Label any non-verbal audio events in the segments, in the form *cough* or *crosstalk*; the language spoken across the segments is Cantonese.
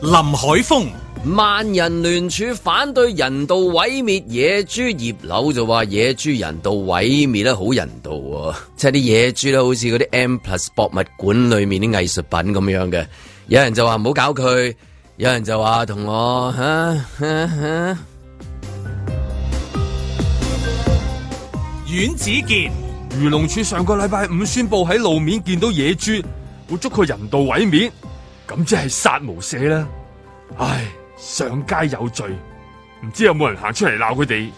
林海峰，萬人聯署反對人道毀滅野豬，葉劉就話野豬人道毀滅得好人道啊，即係啲野豬咧，好似嗰啲 M+ 博物館裏面啲藝術品咁樣嘅，有人就話唔好搞佢。有人就話同我吓阮、啊啊啊、子健，漁農署上個禮拜五宣布喺路面見到野豬，會捉佢人道毀滅，咁即係殺無赦啦！唉，上街有罪，唔知有冇人行出嚟鬧佢哋，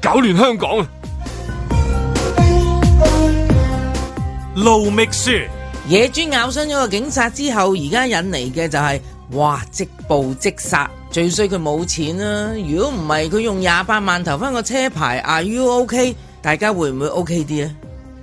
搞亂香港。盧覓雪，野豬咬傷咗個警察之後，而家引嚟嘅就係、是。哇！即捕即殺，最衰佢冇錢啊！如果唔係，佢用廿八萬投翻個車牌，are you ok？大家會唔會 ok 啲啊？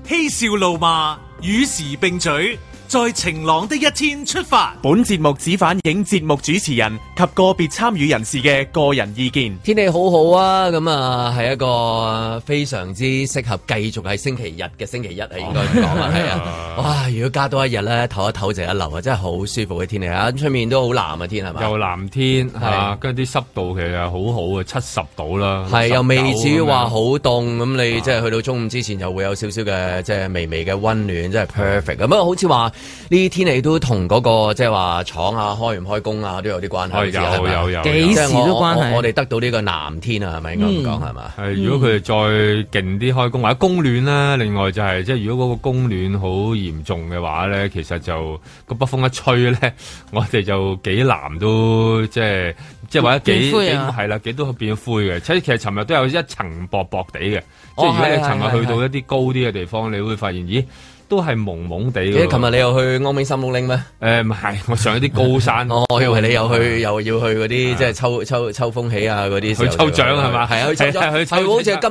嬉笑怒罵，與時並舉。在晴朗的一天出發。本節目只反映節目主持人及個別參與人士嘅個人意見。天氣好好啊，咁啊係一個非常之適合繼續喺星期日嘅星期一啊，應該咁講啊，係啊。哇，如果加多一日咧，唞一唞就一流啊，真係好舒服嘅天氣啊，出面都好藍啊，天係嘛？又藍天係啊，跟住啲濕度其實又好好啊，七十度啦，係又未至於話好凍，咁、啊、你即係去到中午之前又會有少少嘅即係微微嘅溫暖，真係 perfect、啊。咁好似話。呢啲天氣都同嗰個即係話廠啊開唔開工啊都有啲關係，有有有，即係我我哋得到呢個藍天啊，係咪應該咁講，係嘛？係如果佢哋再勁啲開工，或者供暖啦。另外就係即係如果嗰個供暖好嚴重嘅話咧，其實就個北風一吹咧，我哋就幾藍都即係即係話幾幾係啦，幾都變咗灰嘅。而且其實尋日都有一層薄薄地嘅，即係如果你尋日去到一啲高啲嘅地方，你會發現咦？都係蒙蒙地。咦？琴日你又去安邊三碌拎咩？誒，唔係，我上啲高山。哦，我以為你又去，又要去嗰啲，即係抽抽抽風起啊嗰啲。去抽獎係嘛？係啊，去抽獎。係好似係今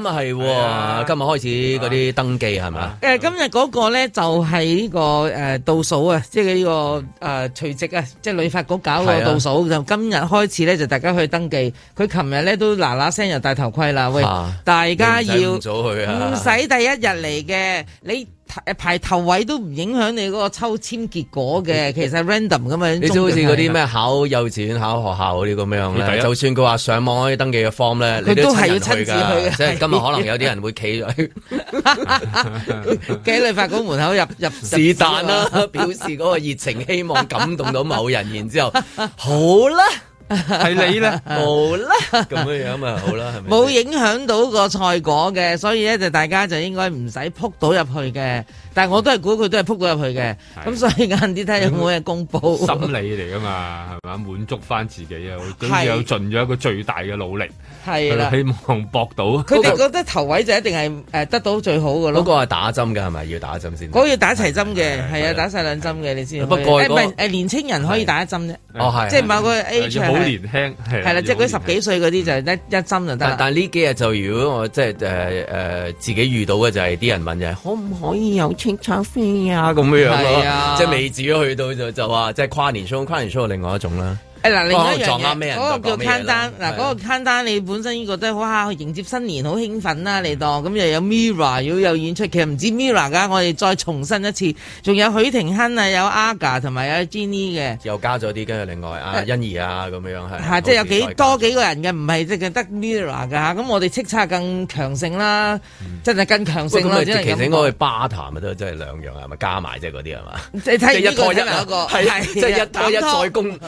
日係，今日開始嗰啲登記係嘛？誒，今日嗰個咧就係呢個誒倒數啊，即係呢個誒除夕啊，即係旅發局搞個倒數，就今日開始咧就大家去登記。佢琴日咧都嗱嗱聲又戴頭盔啦。喂，大家要早去啊，唔使第一日嚟嘅，你？排頭位都唔影響你嗰個抽籤結果嘅，其實 random 咁樣。你知好似嗰啲咩考幼稚園、考學校嗰啲咁樣，的就算佢話上網可以登記嘅 form 咧，佢都係要親自去。的即係今日可能有啲人會企喺，喺立 *laughs* *laughs* *laughs* 法會門口入入是但啦，表示嗰個熱情， *laughs* 希望感動到某人， *laughs* 然之後好啦。係 *laughs* 你啦，冇啦，咁嘅樣咪好啦，係咪？冇影響到個賽果嘅，所以咧就大家就應該唔使撲到入去嘅。但係我都係估佢都係撲咗入去嘅，咁所以晏啲睇有冇嘢公布。心理嚟噶嘛，係咪？滿足翻自己啊，都要盡咗一個最大嘅努力，係啦，希望博到。佢哋覺得頭位就一定係誒得到最好嘅咯。嗰個係打針嘅係咪？要打針先？嗰個要打齊針嘅，係啊，打晒兩針嘅，你知。不過年青人可以打一針啫。哦，係，即係某個 A 場。要好年輕係。係啦，即係嗰十幾歲嗰啲就一針就得。但係呢幾日就如果我即係誒誒自己遇到嘅就係啲人問就可唔可以有？劈炒飛呀，咁樣咯，即係未至於去到就就話，即係跨年 show，跨年 show 係另外一種啦。嗱，另外一樣嘢，嗰個叫餐單，嗱，嗰個餐單你本身呢個都係哇，迎接新年好興奮啦，你當咁又有 MIRROR 又有演出嘅，唔止 MIRROR 噶，我哋再重申一次，仲有許廷鏗啊，有 AGA 同埋有 Jenny 嘅，又加咗啲，跟住另外阿欣宜啊咁樣係，係即係有幾多幾個人嘅，唔係即係得 MIRROR 噶嚇，咁我哋叱咤更強盛啦，真係更強盛即係其實應該去巴壇啊，都即係兩樣啊，咪加埋即係嗰啲係嘛，即係一再一，係即係一再一再攻。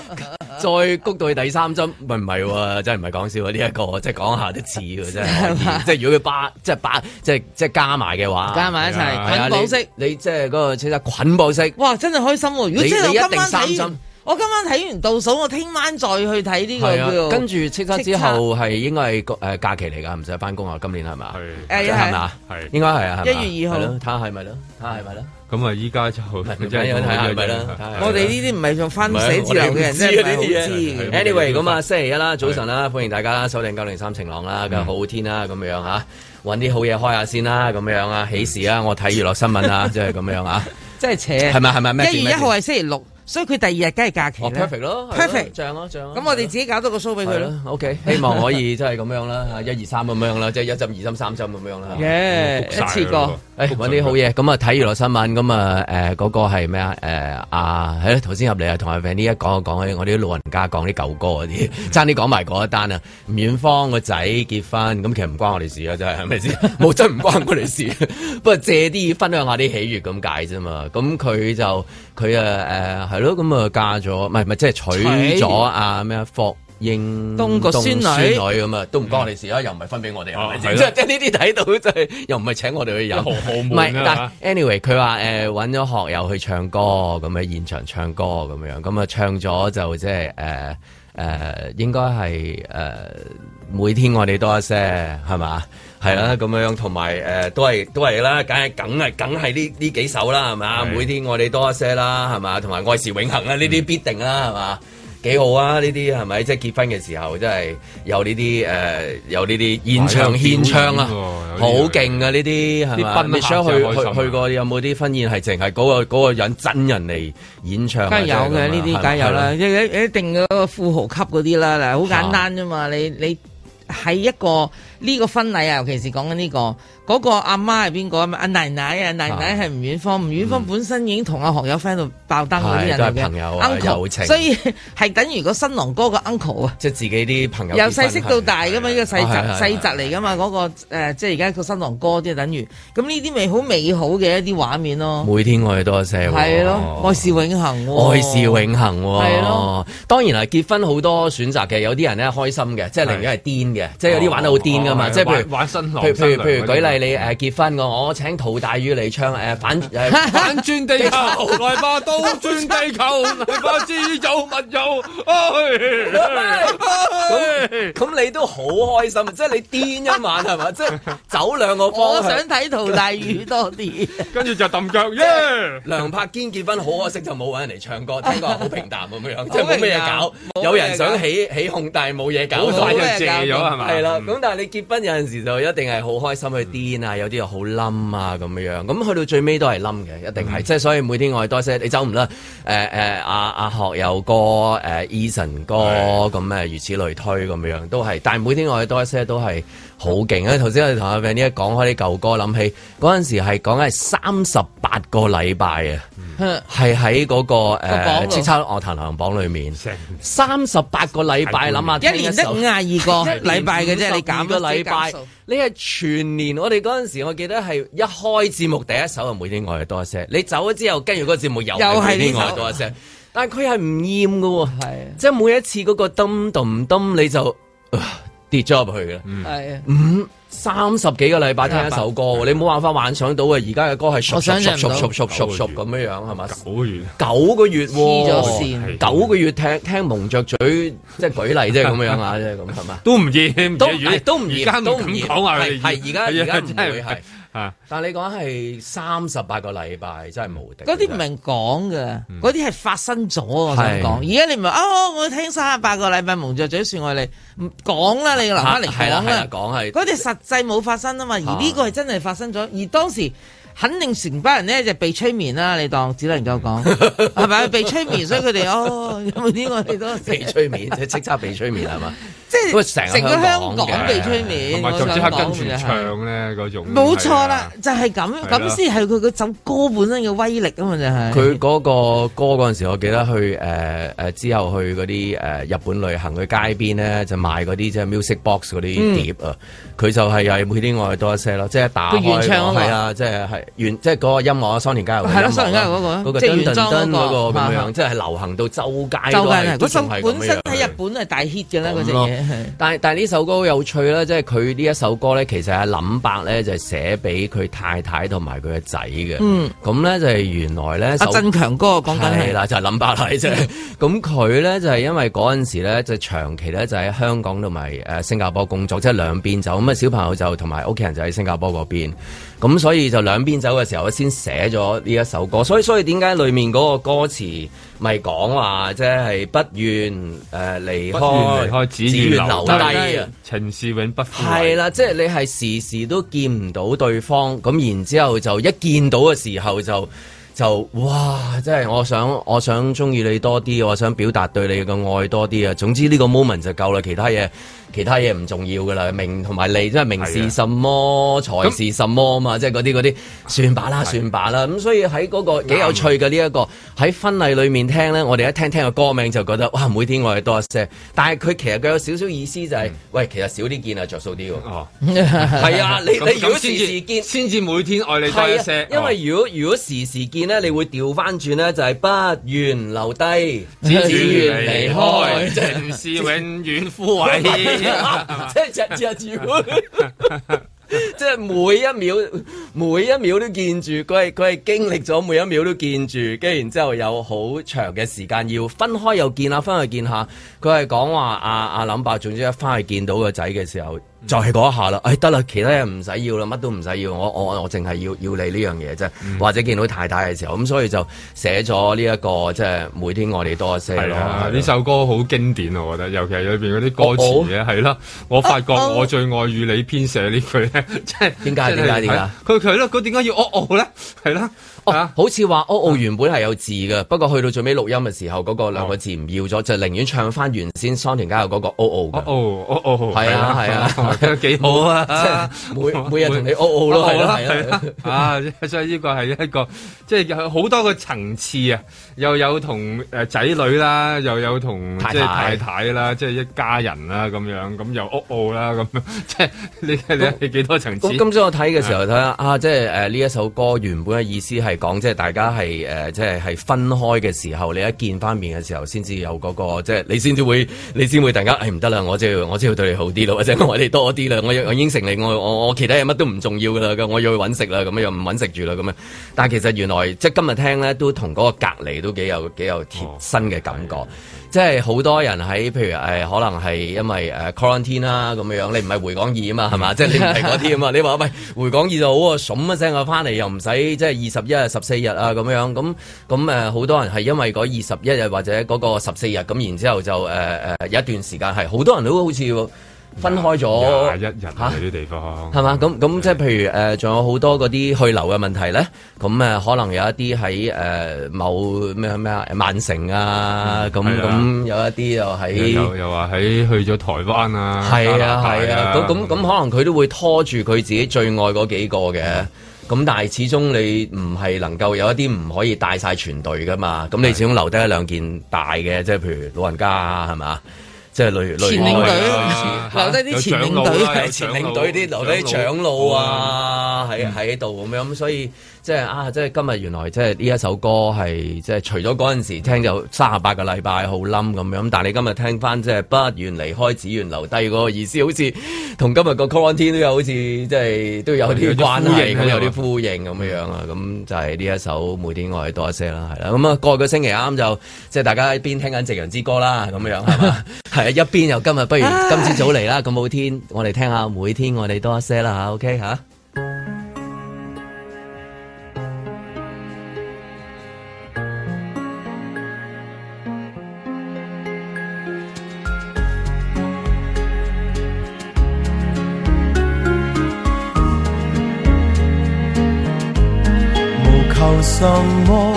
再谷到去第三針，咪唔係喎？真係唔係講笑啊！呢一個即係講下啲似嘅，真係。即係如果佢八，即係八，即係即係加埋嘅話，加埋一齊捆綁式。你即係嗰個叱咤捆綁式，哇！真係開心。如果即係我今晚我今晚睇完倒數，我聽晚再去睇呢個跟住叱咤之後係應該係誒假期嚟噶，唔使翻工啊！今年係咪？係嘛？係應該係啊！一月二號，睇下係咪咯？睇下係咪咯？咁啊！依家就真係睇下係咪啦。我哋呢啲唔係仲返寫字樓嘅人，即係呢啲嘢。Anyway，咁啊，星期一啦，早晨啦，歡迎大家收聽九零三晴朗啦，咁好天啦，咁樣吓，揾啲好嘢開下先啦，咁樣啊，喜事啊，我睇娛樂新聞啊，即係咁樣啊，即係請。係咪，係咪咩？一月一號係星期六。所以佢第二日梗係假期 perfect 咯，perfect，漲咯，漲咯。咁我哋自己搞多個 show 俾佢咯。O K，希望可以真係咁樣啦，一、二、三咁樣啦，即係一針、二針、三針咁樣啦。嘅，一次過，誒，搵啲好嘢。咁啊，睇娛樂新聞。咁啊，誒，嗰個係咩啊？誒，阿係咧，頭先入嚟啊，同阿 Vinny 一講啊講啊，我哋啲老人家講啲舊歌嗰啲，差啲講埋嗰一單啊。吳遠芳個仔結婚，咁其實唔關我哋事啊，真係係咪先？冇真唔關我哋事，不過借啲分享下啲喜悅咁解啫嘛。咁佢就。佢啊，誒，係咯，咁啊嫁咗，唔係唔係，即係娶咗啊咩啊，霍英東個孫女咁、嗯、啊，都唔關我哋事啊，又唔係分俾我哋，即係即係呢啲睇到，就係又唔係請我哋去飲，唔係，但 anyway，佢話誒，搵咗學友去唱歌，咁樣現場唱歌咁樣，咁啊唱咗就即係誒誒，應該係誒每天我哋多一些，係嘛？係啦，咁樣樣，同埋誒，都係都係啦，梗係梗係梗係呢呢幾首啦，係嘛？每天愛你多一些啦，係嘛？同埋愛是永恒啦，呢啲必定啦，係嘛？幾好啊？呢啲係咪？即係結婚嘅時候，真係有呢啲誒，有呢啲現場獻唱啦，好勁啊！呢啲係嘛？你想去去去過有冇啲婚宴係淨係嗰個嗰個人真人嚟演唱？梗係有嘅，呢啲梗係有啦，一一定嗰個富豪級嗰啲啦。嗱，好簡單啫嘛，你你。係一個呢、這個婚禮啊，尤其是講緊、這、呢個。嗰個阿媽係邊個啊？嘛阿奶奶啊，奶奶係吳婉芳，吳婉芳本身已經同阿學友 friend 到爆燈嗰啲人咁樣，所以係等於個新郎哥個 uncle 啊，即係自己啲朋友由細識到大噶嘛，呢個細侄侄嚟噶嘛，嗰個即係而家個新郎哥即係等於咁呢啲咪好美好嘅一啲畫面咯。每天我哋都係咯，愛是永恆，愛是永恆，係咯。當然啦結婚好多選擇嘅，有啲人咧開心嘅，即係寧願係癲嘅，即係有啲玩得好癲噶嘛，即係譬如玩新郎譬如舉例。你誒結婚我我請陶大宇嚟唱誒反誒反轉地球來吧都轉地球來吧知足勿憂。咁、哎、咁、哎、你都好開心，即、就、係、是、你癲一晚係嘛？即係、 *laughs* 就是、走兩個方。我想睇陶大宇多啲。跟住 *laughs* 就揼腳耶！Yeah! 梁柏堅結婚好可惜，就冇搵人嚟唱歌，聽講好平淡咁樣，即係冇乜嘢搞。搞搞有人想起起鬨，但係冇嘢搞，好快就謝咗係咪？係啦，咁了、嗯、但係你結婚有陣時就一定係好開心去癲。嗯啊，有啲又好冧啊，咁樣樣，咁去到最尾都係冧嘅，一定係，即係所以每天我愛多一些，你走唔甩，誒、呃、誒，阿、呃、阿、啊、學友哥、誒、啊、Eason 哥咁誒如此類推，咁樣樣都係，但係每天我愛多一些都係。好勁啊！頭先我哋同阿炳呢一講開啲舊歌，諗起嗰陣時係講緊係三十八個禮拜啊，係喺嗰個誒叱咤樂壇流行榜裏面，三十八個禮拜諗下，一年得五廿二個禮拜嘅啫， *laughs* 減你減咗個禮拜，你係全年我哋嗰陣時我記得係一開節目第一首啊，每天愛你多一些，你走咗之後，跟住嗰個節目又每天愛你多一些，但係佢係唔厭噶，的即係每一次嗰個噔噔噔你就。呃跌咗入去嘅，五三十幾個禮拜聽一首歌，你冇辦法幻想到嘅。而家嘅歌係熟熟熟熟熟熟咁樣樣，係嘛？九月九個月，黐咗線，九個月聽聽蒙著嘴，即係舉例即係，咁樣啊，即係咁係嘛？都唔厭，都都唔而家唔敢講話，係而家而家唔會係。但係你講係三十八個禮拜真係無敵，嗰啲唔係講嘅嗰啲係發生咗。我想講，而家你唔係哦，我聽三十八個禮拜蒙着嘴說愛你，講啦，你留翻嚟講啦。講係，嗰啲實際冇發生啊嘛，而呢個係真係發生咗，而當時肯定成班人咧就被催眠啦。你當只能夠講，係咪、嗯、被催眠，所以佢哋哦，有冇啲我哋都被催眠，即係即刻被催眠係嘛。啊即係成個香港被催眠，即刻跟住唱咧嗰種，冇錯啦，就係咁，咁先係佢個首歌本身嘅威力啊嘛，就係。佢嗰個歌嗰陣時，我記得去誒之後去嗰啲誒日本旅行，去街邊咧就賣嗰啲即係 music box 嗰啲碟啊，佢就係又係每啲愛多一些咯，即係打。佢原唱啊，係啊，即係原即係嗰個音樂桑田佳祐係咯，桑田佳祐嗰個，嗰個張嗰個咁樣，即係流行到周街。周街嗰首本身喺日本係大 hit 嘅啦，嗰隻嘢。但係但係呢首歌好有趣啦，即係佢呢一首歌咧，其實阿林伯咧就係寫俾佢太太同埋佢嘅仔嘅。嗯，咁咧就係原來咧阿振強哥講緊係嗱就係、是、林伯係啫。咁佢咧就係因為嗰陣時咧就長期咧就喺香港同埋誒新加坡工作，即係兩邊走咁，啊小朋友就同埋屋企人就喺新加坡嗰邊。咁所以就兩邊走嘅時候，我先寫咗呢一首歌。所以所以點解裏面嗰個歌詞咪講話，即係不願誒離開，離開，只願留低。情是永不枯。係啦，即係你係時時都見唔到對方，咁然之後就一見到嘅時候就。就哇，即係我想我想中意你多啲，我想表達對你嘅愛多啲啊！總之呢個 moment 就夠啦，其他嘢其他嘢唔重要噶啦。名同埋利即係名是什麼是的才是什麼啊嘛，嗯、即係嗰啲嗰啲算罷吧啦的，算罷啦。咁、嗯、所以喺嗰個幾有趣嘅呢一個喺婚禮裏面聽咧，我哋一聽聽個歌名就覺得哇，每天愛你多一些。但係佢其實佢有少少意思就係、是，嗯、喂，其實少啲見啊，着數啲喎。哦、嗯，係、嗯、啊， *laughs* 你你如果時時見先至每天愛你多一些。因為如果如果時時見。咧，你會調翻轉咧，就係不願留低，只願離開。正是永遠枯萎， *laughs* *laughs* *laughs* 即即係每一秒，每一秒都見住。佢係佢係經歷咗每一秒都見住，跟住然之後有好長嘅時間要分開又見下，分開見下。佢係講話阿阿林伯，總之一翻去見到個仔嘅時候，就係嗰一下啦，哎得啦，其他人唔使要啦，乜都唔使要，我我我淨係要要你呢樣嘢啫，嗯、或者見到太太嘅時候，咁所以就寫咗呢一個即係每天愛你多一些咯。呢、啊、了首歌好經典，我覺得，尤其係裏邊嗰啲歌詞嘅。係啦、哦，我發覺我最愛與你編寫呢句咧，即係點解點解點解？佢佢咯，佢點解要我我咧？係、啊、啦。好似話哦哦，原本係有字嘅，不過去到最尾錄音嘅時候，嗰個兩個字唔要咗，就寧願唱翻，原先桑田家有桑田佳祐嗰個哦哦。哦哦，係啊係啊，幾好啊！每每日同你哦哦咯，係啊係啊，啊，所以呢個係一個即係有好多個層次啊！又有同誒仔女啦，又有同即係太太啦，即係一家人啦，咁樣咁又哦哦啦，咁即係你你幾多層次？今朝我睇嘅時候睇下啊，即係誒呢一首歌原本嘅意思係。講即係大家係誒、呃，即係係分開嘅時候，你一見翻面嘅時候、那個，先至有嗰個即係你先至會，你先會突然間誒唔得啦！我即要我即係對你好啲咯，或者我哋多啲啦！我我應承你，我我我其他嘢乜都唔重要噶啦，咁我要去揾食啦，咁樣又唔揾食住啦，咁樣。但係其實原來即係今日聽咧，都同嗰個隔離都幾有幾有貼身嘅感覺。哦。即係好多人喺，譬如、呃、可能係因為、呃、quarantine 啦、啊、咁樣你唔係回港易啊嘛，係嘛？即係 *laughs* 你唔係嗰啲啊嘛？你話唔回港易就好、啊，噏一聲我翻嚟又唔使即係二十一日十四日啊咁樣，咁咁好多人係因為嗰二十一日或者嗰個十四日咁，然之後就誒有、呃呃、一段時間係好多人都好似。分開咗一日，啲地方係嘛？咁咁即係譬如誒，仲有好多嗰啲去留嘅問題咧。咁可能有一啲喺誒某咩咩啊，曼城啊，咁咁有一啲又喺又又話喺去咗台灣啊，係啊係啊。咁咁咁可能佢都會拖住佢自己最愛嗰幾個嘅。咁但係始終你唔係能夠有一啲唔可以帶晒全隊噶嘛？咁你始終留低一兩件大嘅，即係譬如老人家啊，係嘛？即係類類，留低啲前領隊，前領隊啲留低啲長路啊，喺喺度咁樣。所以即係啊，即係今日原來即係呢一首歌係即係除咗嗰陣時聽有三十八個禮拜好冧咁樣，但係你今日聽翻即係不願離開，只願留低嗰個意思，好似同今日個 Con 天都有好似即係都有啲關係啊，有啲呼應咁嘅樣啊。咁就係呢一首每天愛多一些啦，係啦。咁啊，個個星期啱就即係大家喺邊聽緊《夕陽之歌》啦，咁樣係嘛。係呀，一邊又今日，不如今朝早嚟啦，咁好天，我哋聽下每天我哋多一些啦，吓，OK，吓。無求什麼，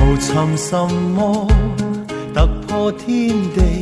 無尋什麼，突破天地。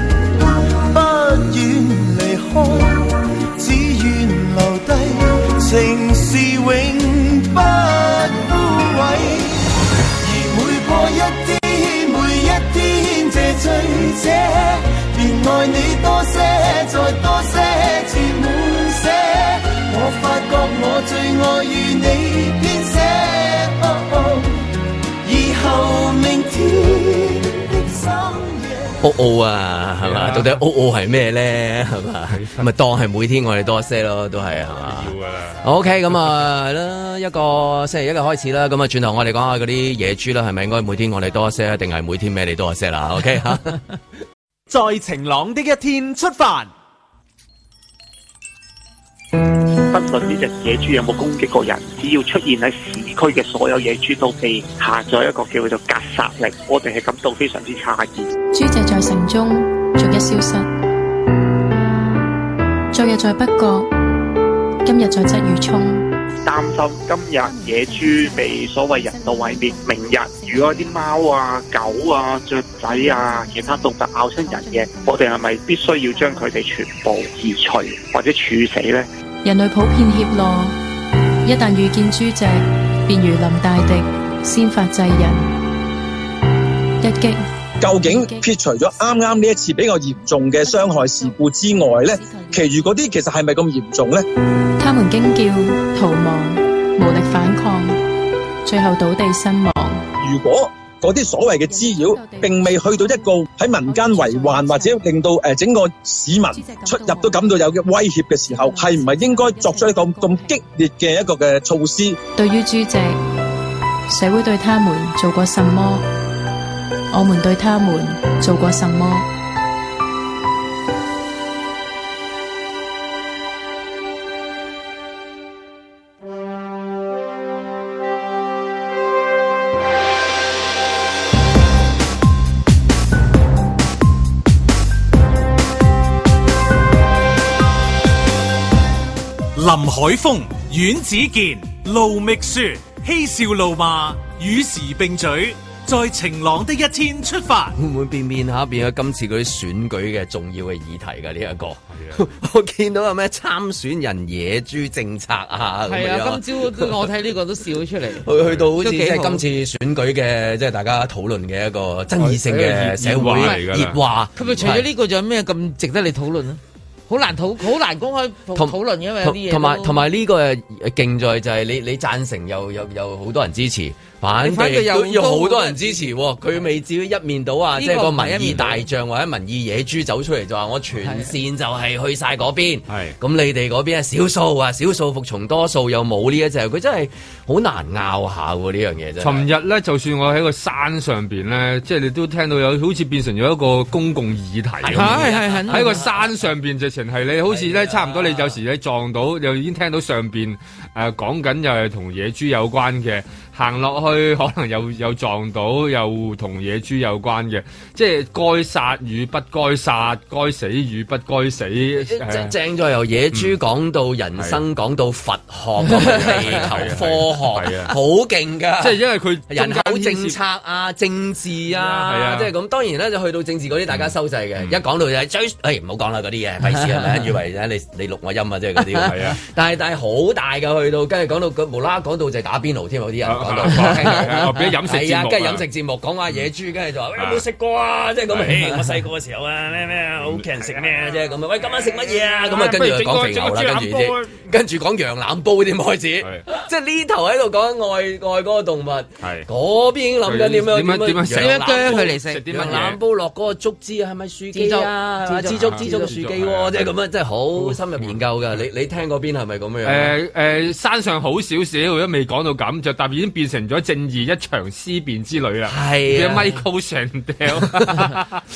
愛你多些，再多些，字滿寫。我發覺我最愛與你編寫。哦、oh、哦，oh, 以後明天的深夜。哦哦、oh oh、啊，係嘛？Yeah. 到底哦哦係咩咧？係、oh、嘛？咪 *laughs* 當係每天我哋多一些咯，都係係嘛？要 *laughs* OK，咁啊，係啦，一個星期一嘅開始啦。咁啊，轉頭我哋講下嗰啲野豬啦，係咪？應該每天我哋多一些，定係每天咩你多一些啦？OK、啊。 *laughs* 在晴朗的一天出發，不論呢隻野豬有冇攻擊過人，只要出現喺市區嘅所有野豬都被下載一個叫做格殺令，我哋係感到非常之詫異。豬隻在城中逐一消失，昨日在北角，今日在鰂魚涌。擔心今日野豬被所謂人道毀滅，明日如果啲貓啊、狗啊、雀仔啊、其他動物咬親人嘅，我哋係咪必須要將佢哋全部移除或者處死呢？人類普遍怯懦，一旦遇見豬隻，便如臨大敵，先發制人，一擊。究竟撇除咗啱啱呢一次比較嚴重嘅傷害事故之外呢，其餘嗰啲其實係咪咁嚴重呢？他們驚叫、逃亡、無力反抗，最後倒地身亡。如果嗰啲所謂嘅滋擾，並未去到一個喺民間為患，或者令到誒整個市民出入都感到有嘅威脅嘅時候，係唔係應該作出一個咁激烈嘅一個嘅措施？對於豬隻，社會對他們做過什麼？我們對他們做過什麼？林海峰、阮子健、盧覓雪，嬉笑怒罵，與時並舉，在晴朗的一天出發，會唔會變面？吓？變咗今次嗰啲選舉嘅重要嘅議題㗎呢一個？係啊、 *laughs* 我見到有咩參選人野豬政策啊？係啊，這樣今朝我睇呢個都笑咗出嚟。去 *laughs* 去到即好係今次選舉嘅，即、就、係、是、大家討論嘅一個爭議性嘅社會嚟嘅。熱是話佢咪話除咗呢個，仲有咩咁值得你討論啊？好難討，好難公開討論，因為啲嘢，同埋同埋呢個誒勁在就係你你贊成又又又好多人支持。反對，佢有好多人支持，佢未至於一面倒啊！即係個民意大將或者民意野豬走出嚟就話我全線就係去晒嗰邊。係咁的，你哋嗰邊係少數啊，少數服從多數又冇呢一隻，佢真係好難拗下、嗯、呢樣嘢。真。尋日咧，就算我喺個山上邊咧，即係你都聽到有，好似變成咗一個公共議題。係喺的、啊、個山上邊，直情係你好似咧，差唔多你有時你撞到的又已經聽到上邊。誒講緊又係同野豬有關嘅，行落去可能又又撞到又同野豬有關嘅，即係該殺與不該殺，該死與不該死，正正在由野豬講到人生，講到佛學、地球、科學，好勁㗎！即係因為佢人口政策啊、政治啊，即係咁。當然咧就去到政治嗰啲大家收掣嘅，一講到就係追，誒唔好講啦嗰啲嘢，費事啊！以為你你錄我音啊，即係嗰啲。係啊，但係但係好大㗎。去到跟住講到個無啦啦，講到就打邊爐添，有啲人講到，係跟住飲食節目，跟住飲食節目講下野豬，跟住就話：喂，有冇食過啊？即係咁我細個嘅時候啊，咩咩屋企人食咩即係咁啊？喂，今晚食乜嘢啊？咁啊，跟住就講肥牛啦，跟住跟住講羊腩煲啲開始，即係呢頭喺度講外外國嘅動物，係嗰邊已經諗緊點樣點樣點樣劏佢嚟食？點腩煲落嗰個竹枝係咪樹枝？啊？係枝竹枝竹樹即係咁樣，即係好深入研究㗎。你你聽嗰邊係咪咁樣？山上好少少，都未講到咁，就特別已經變成咗正義一場思辨之旅啦。係 Michael Sandel，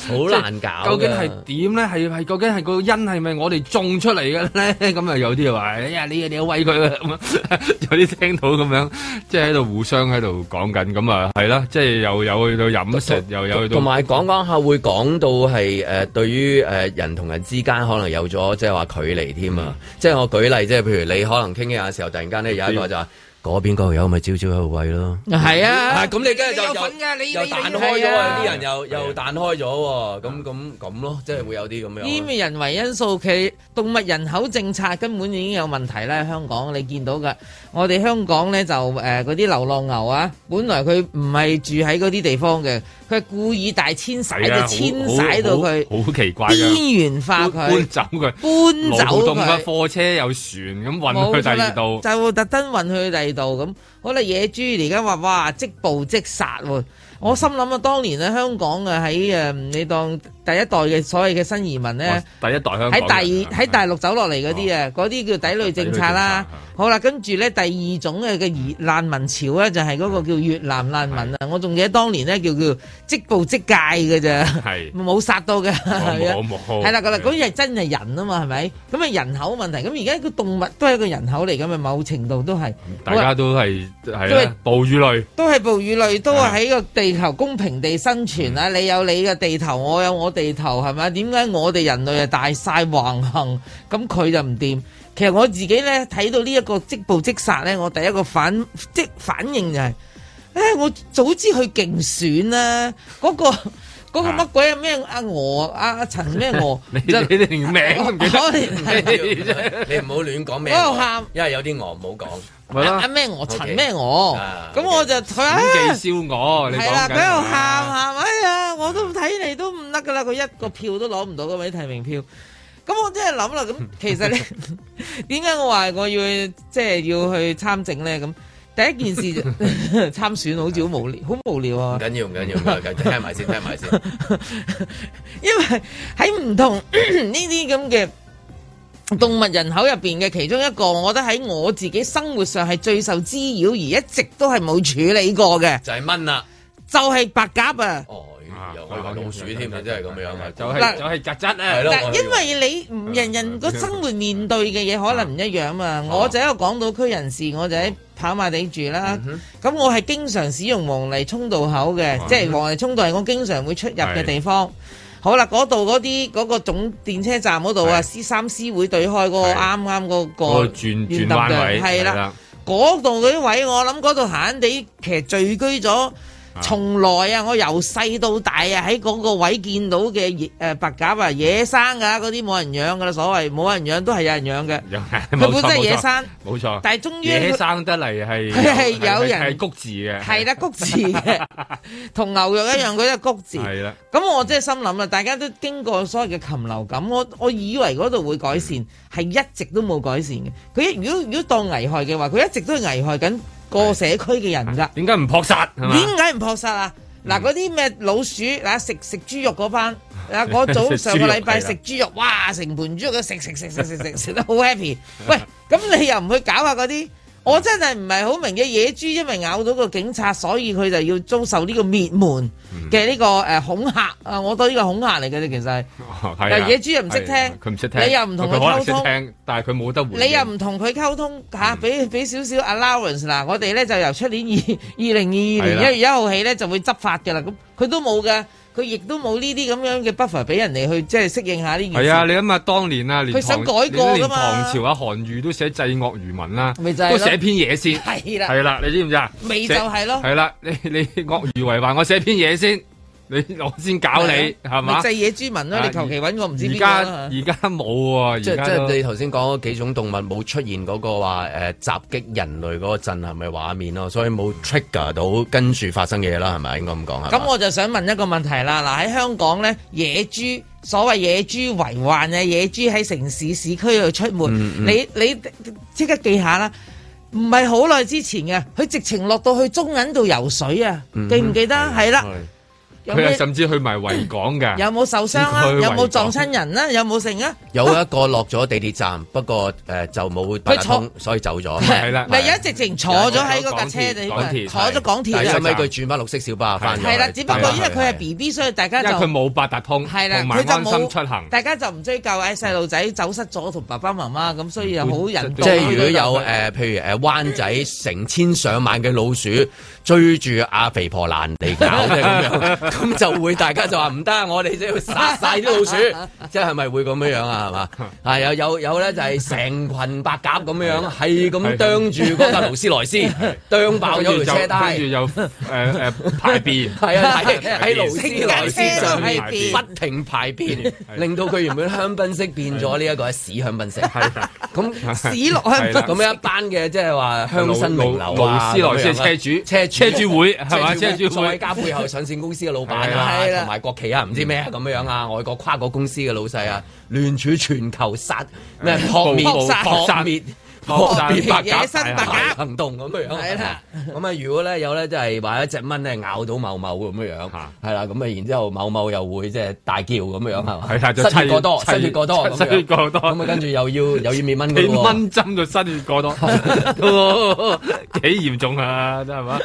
好難搞。究竟係點咧？係係究竟係個因係咪我哋種出嚟嘅咧？咁 *laughs* 啊有啲話，哎呀你你又喂佢咁有啲聽到咁樣，即係喺度互相喺度講緊咁啊，係啦，即係又有去到飲食，又有去到。同埋講講下會講到係誒對於人同人之間可能有咗即係話距離添啊！嗯、即係我舉例，即係譬如你可能傾偈嘅時候。突然間咧有一個就係嗰邊嗰條友咪朝朝有位咯，係啊，咁你梗係就又彈開咗，啲人又又彈開咗，咁咁咁咯，即係會有啲咁樣。呢啲人為因素，佢動物人口政策根本已經有問題啦。香港你見到嘅，我哋香港咧就誒嗰啲流浪牛啊，本來佢唔係住喺嗰啲地方嘅。佢故意大遷徙，就遷徙到佢，好奇怪，邊緣化佢，搬走佢，搬走佢，動嘅貨車有船咁運去第二度，就特登運去第二度咁，可能野豬而家話哇即捕即殺。我心諗啊，當年咧香港啊，喺誒，你當第一代嘅所謂嘅新移民咧，第一代香港喺第喺大陸走落嚟嗰啲啊，嗰啲叫抵壘政策啦。好啦，跟住咧第二種嘅嘅難難民潮咧，就係嗰個叫越南難民啊。我仲記得當年咧叫叫即捕即解嘅咋，係冇殺到嘅，係啦，係啦，嗰啲係真係人啊嘛，係咪？咁啊人口問題，咁而家個動物都係一個人口嚟嘅嘛，咁啊某程度都係，大家都係係啦，哺乳類都係哺乳類，都係喺個地。地球公平地生存啊，嗯、你有你嘅地頭，我有我地頭，係咪？點解我哋人類啊大晒橫行，咁佢就唔掂？其實我自己咧睇到呢一個即捕即殺咧，我第一個反即反應就係、是，誒，我早知去競選啦，嗰、嗰個、嗰個乜鬼啊咩阿鵝啊陳咩鵝？你哋連名，我唔、啊、 *laughs* 記得。你唔好亂講名。我喊。因為有啲鵝唔好講。咪咩、啊啊、我？陳咩 Okay. 我？咁 Yeah, 我就佢譏笑我，你係啦，佢喺度喊喊，哎呀，我都睇你都唔得噶啦，佢一個票都攞唔到嗰位提名票，咁我真係諗啦，咁其實咧，點解 *laughs* 我話我要即係、就是、要去參政咧？咁第一件事就參 *laughs* 選好似好無聊，好無聊啊！唔緊要，唔緊要，唔緊要，聽埋先，聽埋先， *laughs* 因為喺唔同呢啲咁嘅。咳咳這動物人口入邊嘅其中一個，我覺得喺我自己生活上係最受滋擾而一直都係冇處理過嘅，就係蚊啦，就係白鴿啊，可又係老鼠添啊，真係咁樣啊，就係就係曱甴啊，係咯，因為你人人個生活面對嘅嘢可能唔一樣啊嘛，啊我就一個港島區人士，我就喺跑馬地住啦，咁、嗯、哼我係經常使用黃泥涌道口嘅，啊、即係黃泥涌道係我經常會出入嘅地方。好啦，嗰度嗰啲嗰個總電車站嗰度啊，C 三 C 會對開嗰個啱啱嗰個轉轉彎位，係啦的，嗰度嗰啲位我諗，嗰度閒閒地其實聚居咗。從來啊，我由細到大啊，喺嗰個位見到嘅野誒白鴿啊，野生噶，嗰啲冇人養噶啦，所謂冇人養都係有人養嘅。佢本身係野生，冇錯。但係終於咧，野生得嚟係佢係有人，係谷字嘅，係啦，谷字嘅，同牛肉一樣，佢都係谷字。係啦。咁我真係心諗啦，大家都經過所謂嘅禽流感，我我以為嗰度會改善，係一直都冇改善嘅。佢如果如果當危害嘅話，佢一直都係危害緊。個社區嘅人噶，點解唔撲殺？點解唔撲殺啊？嗱、嗯啊，嗰啲咩老鼠嗱、啊，食食豬肉嗰班嗱，嗰個、早上個禮拜食豬肉，哇，成盤豬肉食食食食食食食得好 happy。 *laughs* 喂，咁你又唔去搞一下嗰啲？我真係唔係好明嘅野豬，因為咬到個警察，所以佢就要遭受呢個滅門嘅呢個誒恐嚇啊！我對呢個恐嚇嚟嘅啫其實，但、哦啊、野豬又唔識聽，啊、聽你又唔同佢溝通，聽但係佢冇得回。你又唔同佢溝通嚇，俾、啊、俾少少 allowance 啦。我哋咧就由出年二二零二二年一月一號起咧就會執法㗎啦。咁佢都冇嘅。佢亦都冇呢啲咁樣嘅 buffer 俾人哋去即係適應下呢件事。係啊，你諗下，當年啊，佢想改過㗎嘛？連連唐朝啊，韓愈都寫《祭鱷魚文》啦、啊，咪就係都寫篇嘢先。係啦的，係啦，你知唔知啊？未就係咯。係啦，你你鱷魚為患，我寫篇嘢先。你我先搞你係嘛？你製野豬文咯，你求其搵個唔知而家而家冇啊，即即係你頭先講嗰幾種動物冇出現嗰個話誒襲擊人類嗰個震撼嘅畫面咯，所以冇 trigger 到跟住發生嘅嘢啦，係咪應該咁講啊？咁我就想問一個問題啦，嗱喺香港咧野豬，所謂野豬為患啊，野豬喺城市市區度出沒，你你即刻記下啦，唔係好耐之前嘅，佢直情落到去中銀度游水啊，記唔記得？係啦。佢甚至去埋維港㗎。有冇受傷啊？有冇撞親人啊？有冇剩啊？有一個落咗地鐵站，不過誒就冇。佢坐，所以走咗。係啦，咪一直直坐咗喺嗰架車度，坐咗港鐵。但係咪佢轉翻綠色小巴翻？係啦，只不過因為佢係 B B，所以大家就因為佢冇八達通，係啦，佢就冇出行。大家就唔追究誒細路仔走失咗同爸爸媽媽咁，所以又好人即係如果有誒，譬如誒灣仔成千上萬嘅老鼠追住阿肥婆攔嚟搞。咁就會大家就話唔得，我哋即要殺晒啲老鼠，即係咪會咁樣呀？啊？係嘛？啊有有有咧，就係成群白鴿咁樣，係咁啄住嗰架勞斯萊斯，啄爆咗條車呔，跟住又排便，係啊喺勞斯萊斯上面不停排便，令到佢原本香檳色變咗呢一個屎香檳色，咁屎落香檳。咁一班嘅即係話香檳名流，勞斯萊斯車主車主會係嘛？車主會再加背後上線公司嘅老。係同埋國旗啊，唔知咩咁樣啊，外國跨國公司嘅老細啊，亂處全球殺咩撲滅、撲滅。破滅百甲行動咁樣樣，係啦。咁啊，如果咧有咧，即係話一隻蚊咧咬到某某咁樣樣，係啦。咁啊，然之後某某又會即係大叫咁樣樣係嘛？係啦，失血過多，失血過多，失血過多。咁啊，跟住又要又要滅蚊嘅喎。俾蚊針就失血過多，幾嚴重啊！真係嘛？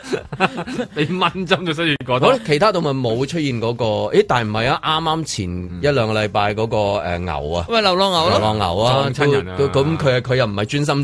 俾蚊針就失血過多。好啦，其他動物冇出現嗰個，誒，但係唔係啊？啱啱前一兩個禮拜嗰個誒牛啊，喂，流浪牛，流浪牛啊，親人啊，咁佢佢又唔係專心。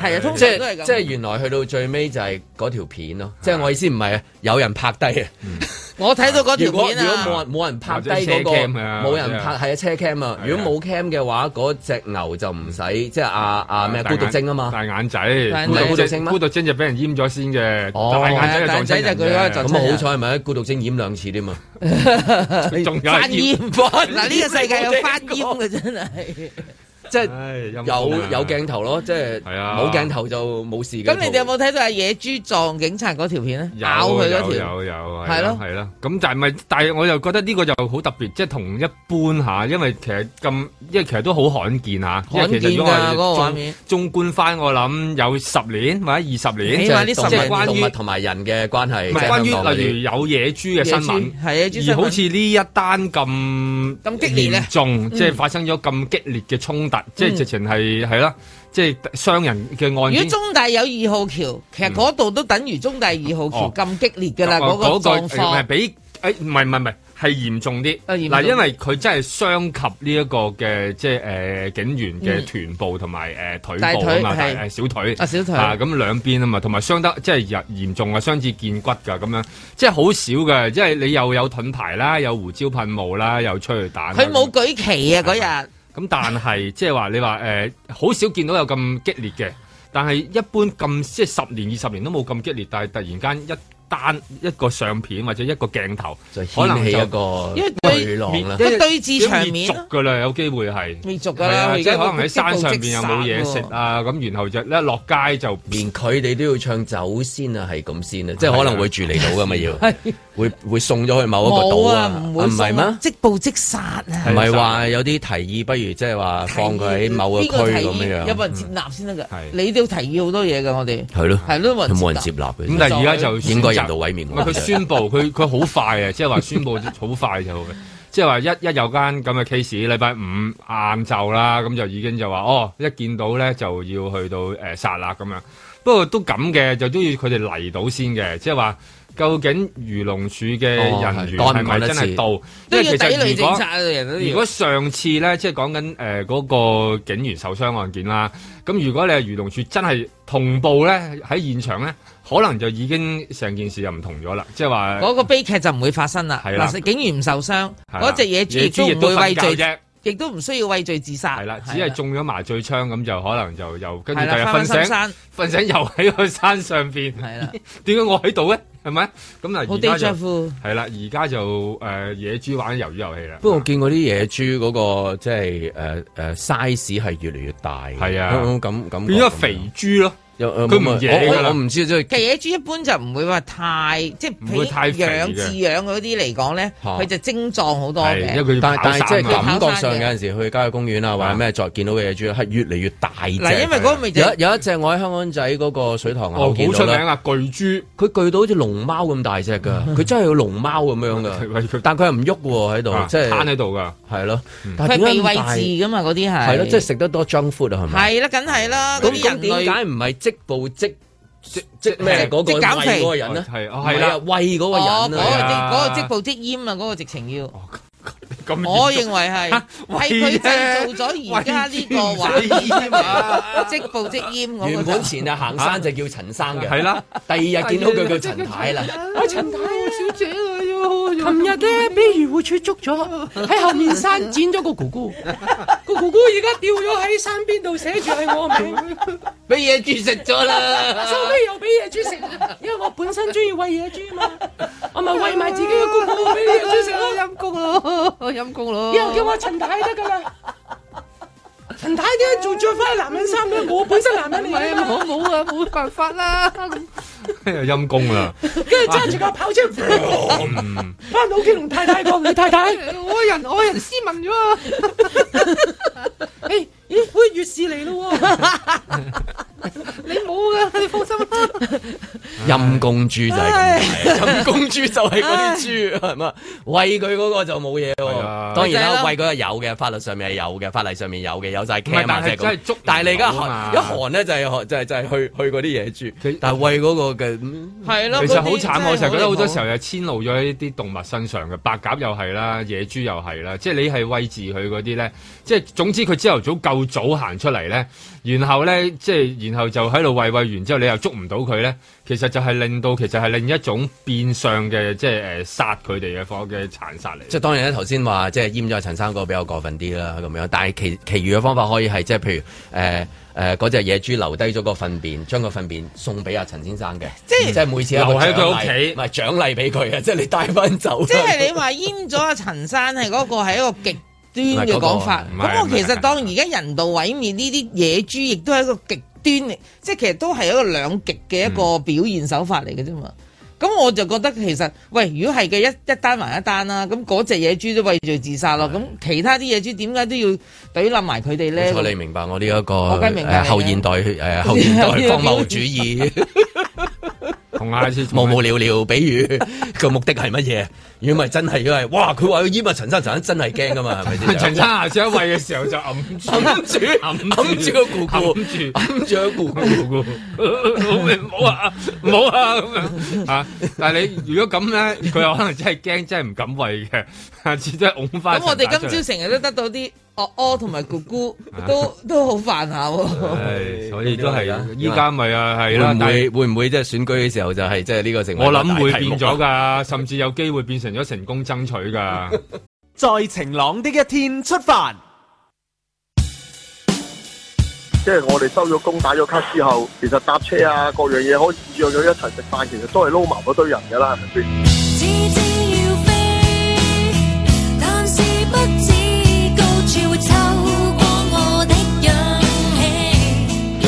係啊，通常都係咁。即係原來去到最尾就係嗰條片咯。即係我意思唔係啊，有人拍低啊。我睇到嗰條片，如果冇人冇人拍低嗰個，冇人拍係啊車 cam 啊。如果冇 cam 嘅話，嗰隻牛就唔使。即係啊，阿咩孤獨精啊嘛。大眼仔，孤獨精？孤獨精就俾人閹咗先嘅。哦，眼仔就當真。咁啊好彩係咪？孤獨精閹兩次添嘛。你仲有？翻閹，嗱，呢個世界有翻閹嘅，真係。即係有有鏡頭咯，即係冇鏡頭就冇事嘅。咁你哋有冇睇到野豬撞警察嗰條片咧？咬佢嗰條，係咯係咯。咁但係咪？但係我又覺得呢個就好特別，即係同一般嚇，因為其實咁，因為其實都好罕見嚇。罕見啊！嗰個畫面，縱觀翻我諗有十年或者二十年，即係即係關於動物同埋人嘅關係。唔係關於，例如有野豬嘅新聞，而好似呢一單咁咁激烈，即係發生咗咁激烈嘅衝突。即係直情係係啦，即係傷人嘅案件。如果中大有二號橋，其實嗰度都等於中大二號橋咁激烈噶啦，嗰個狀況係比誒唔係唔係唔係係嚴重啲。嗱，因為佢真係傷及呢一個嘅即係誒警員嘅臀部同埋誒腿部啊嘛，誒小腿啊小腿咁兩邊啊嘛，同埋傷得即係嚴重啊，傷至見骨噶咁樣，即係好少嘅，即係你又有盾牌啦，有胡椒噴霧啦，又出去打。佢冇舉旗啊！嗰日。咁但係即係話你話誒，好少見到有咁激烈嘅。但係一般咁即係十年、二十年都冇咁激烈，但係突然間一單一個相片或者一個鏡頭，就可能係一個因為對浪啦，一個對峙場面咯。滅族噶啦，有機會係未滅族噶啦，即係可能喺山上邊又冇嘢食啊，咁然後就一落街就連佢哋都要唱走先啊，係咁先啊，即係可能會住嚟到噶嘛要。會會送咗去某一個島啊？唔係咩？即報即殺啊！唔係話有啲提議，不如即係話放佢喺某個區咁樣樣。這個、有冇人接納先得噶？嗯、你都要提議好多嘢噶，我哋係咯，係咯了，冇了人接納。咁但係而家就應該人道毀滅。唔係佢宣布，佢佢好快嘅，即係話宣布好快就，即係話一一有間咁嘅 case，禮拜五晏晝啦，咁就已經就話哦，一見到咧就要去到誒殺啦咁樣。不過都咁嘅，就都要佢哋嚟到先嘅，即係話。究竟漁農署嘅人員係咪真係到？即你、哦、警察如果人如果上次咧，即係講緊誒嗰個警員受傷案件啦，咁如果你係漁農署真係同步咧喺現場咧，可能就已經成件事就唔同咗啦，即係話嗰個悲劇就唔會發生啦。啦的警員唔受傷，嗰隻野豬終會畏罪啫。亦都唔需要畏罪自殺，係啦，只係中咗麻醉槍咁就可能就又跟住第二日瞓醒，瞓醒又喺個山上邊，係啦的。點解我喺度咧？係咪？咁嗱，而家就係啦，而家就誒野豬玩魷魚遊戲啦。不過我見過啲野豬嗰個即係誒誒 size 係越嚟越大，係啊的，咁咁變咗肥豬咯。佢唔，我我唔知，即係野豬一般就唔會話太即係，唔會太養飼養嗰啲嚟講咧，佢就精壯好多。但係即係感覺上有陣時去郊野公園啊，或者咩再見到嘅野豬係越嚟越大隻。嗱，因為嗰個咪有有一隻我喺香港仔嗰個水塘，好出名啊！巨豬，佢巨到好似龍貓咁大隻噶，佢真係有龍貓咁樣噶。但佢又唔喐喎喺度，即係攤喺度噶，係咯。佢係未餵噶嘛？嗰啲係係咯，即係食得多 junk food 係咪？梗係啦。咁人類點解唔係？積步即即積咩？嗰個喂嗰個人咧，係啦，喂嗰個人啦，嗰個積嗰即積步積淹啊，嗰個直情要。我認為係為佢製造咗而家呢個話積步積淹。我原本前日行山就叫陳生嘅，係啦。第二日見到佢叫陳太啦，啊陳太，小姐琴日咧，俾漁護署捉咗，喺後面山剪咗個姑姑， *laughs* 個姑姑而家掉咗喺山邊度，寫住係我名，俾野豬食咗啦。收尾、啊、又俾野豬食，因為我本身中意餵野豬啊嘛，我咪餵埋自己嘅姑姑俾野豬食咯，陰功咯，陰功咯，又叫我陳太得㗎啦。太太嘅着著翻男人衫嘅，我本身男人嚟，我冇啊，冇辦法啦。又陰功啦，跟住揸住架跑車，翻到屋企同太太講：你太太，我人我人斯文咗啊。哎。會月事嚟咯喎！你冇噶，你放心啦。陰公豬就係咁，陰公豬就係嗰啲豬，係嘛？餵佢嗰個就冇嘢喎。當然啦，餵佢個有嘅，法律上面係有嘅，法例上面有嘅，有就 case。但係但係你而家一韓咧就係就係就係去去嗰啲野豬。但係餵嗰個嘅係啦，其實好慘啊！我成日覺得好多時候又遷怒咗一啲動物身上嘅，白鴿又係啦，野豬又係啦，即係你係餵治佢嗰啲咧，即係總之佢朝頭早救。早行出嚟咧，然後咧即係然後就喺度餵餵完之後，你又捉唔到佢咧，其實就係令到其實係另一種變相嘅即係誒殺佢哋嘅方嘅殘殺嚟。即係當然咧，頭先話即係閹咗陳生個比較過分啲啦咁樣，但係其其餘嘅方法可以係即係譬如誒誒嗰隻野豬留低咗個糞便，將個糞便送俾阿陳先生嘅，即係即係每次留喺佢屋企，唔係獎勵俾佢啊，即係你帶翻走。即係你話閹咗阿陳生係嗰個係一個極。 *laughs* 端嘅講法，咁、那個、我其實當而家人道毀滅呢啲野豬，亦都係一個極端，即係其實都係一個兩極嘅一個表現手法嚟嘅啫嘛。咁、嗯、我就覺得其實，喂，如果係嘅一一單還一單啦，咁嗰隻野豬都畏罪自殺咯，咁的其他啲野豬點解都要懟冧埋佢哋咧？你明白我呢、這、一個明、呃、後現代誒後現代荒謬主義？ *laughs* 無無聊聊，比喻，佢目的係乜嘢？如果唔係真係，因為哇，佢話要淹啊！陳生陳生真係驚噶嘛，係咪先？陳生想喂嘅時候就揞住，揞住，揞住個咕咕，揞住，揞住個咕咕。唔好啊，唔好啊，咁樣啊！但係你如果咁咧，佢又可能真係驚，真係唔敢喂嘅。下次真係拱翻。咁我哋今朝成日都得到啲。阿阿同埋姑姑都 *laughs* 都好煩惱，係，所以都係啦，就是。依家咪啊，係啦。就是，會會唔但會即係選舉嘅時候就係即係呢個成為個我諗會變咗噶， *laughs* 甚至有機會變成咗成功爭取噶。 *laughs* 在晴朗的一天出發， *music* 即係我哋收咗工、打咗卡之後，其實搭車啊，各樣嘢可以約咗一齊食飯，其實都係撈埋嗰堆人噶啦。係咪先？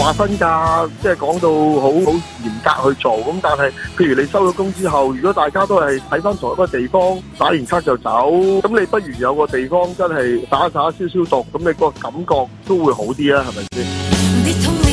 打新價，即係講到好好嚴格去做，咁但係，譬如你收咗工之後，如果大家都係睇翻同一個地方打完卡就走，咁你不如有個地方真係打打消消毒，咁你個感覺都會好啲啊，係咪先？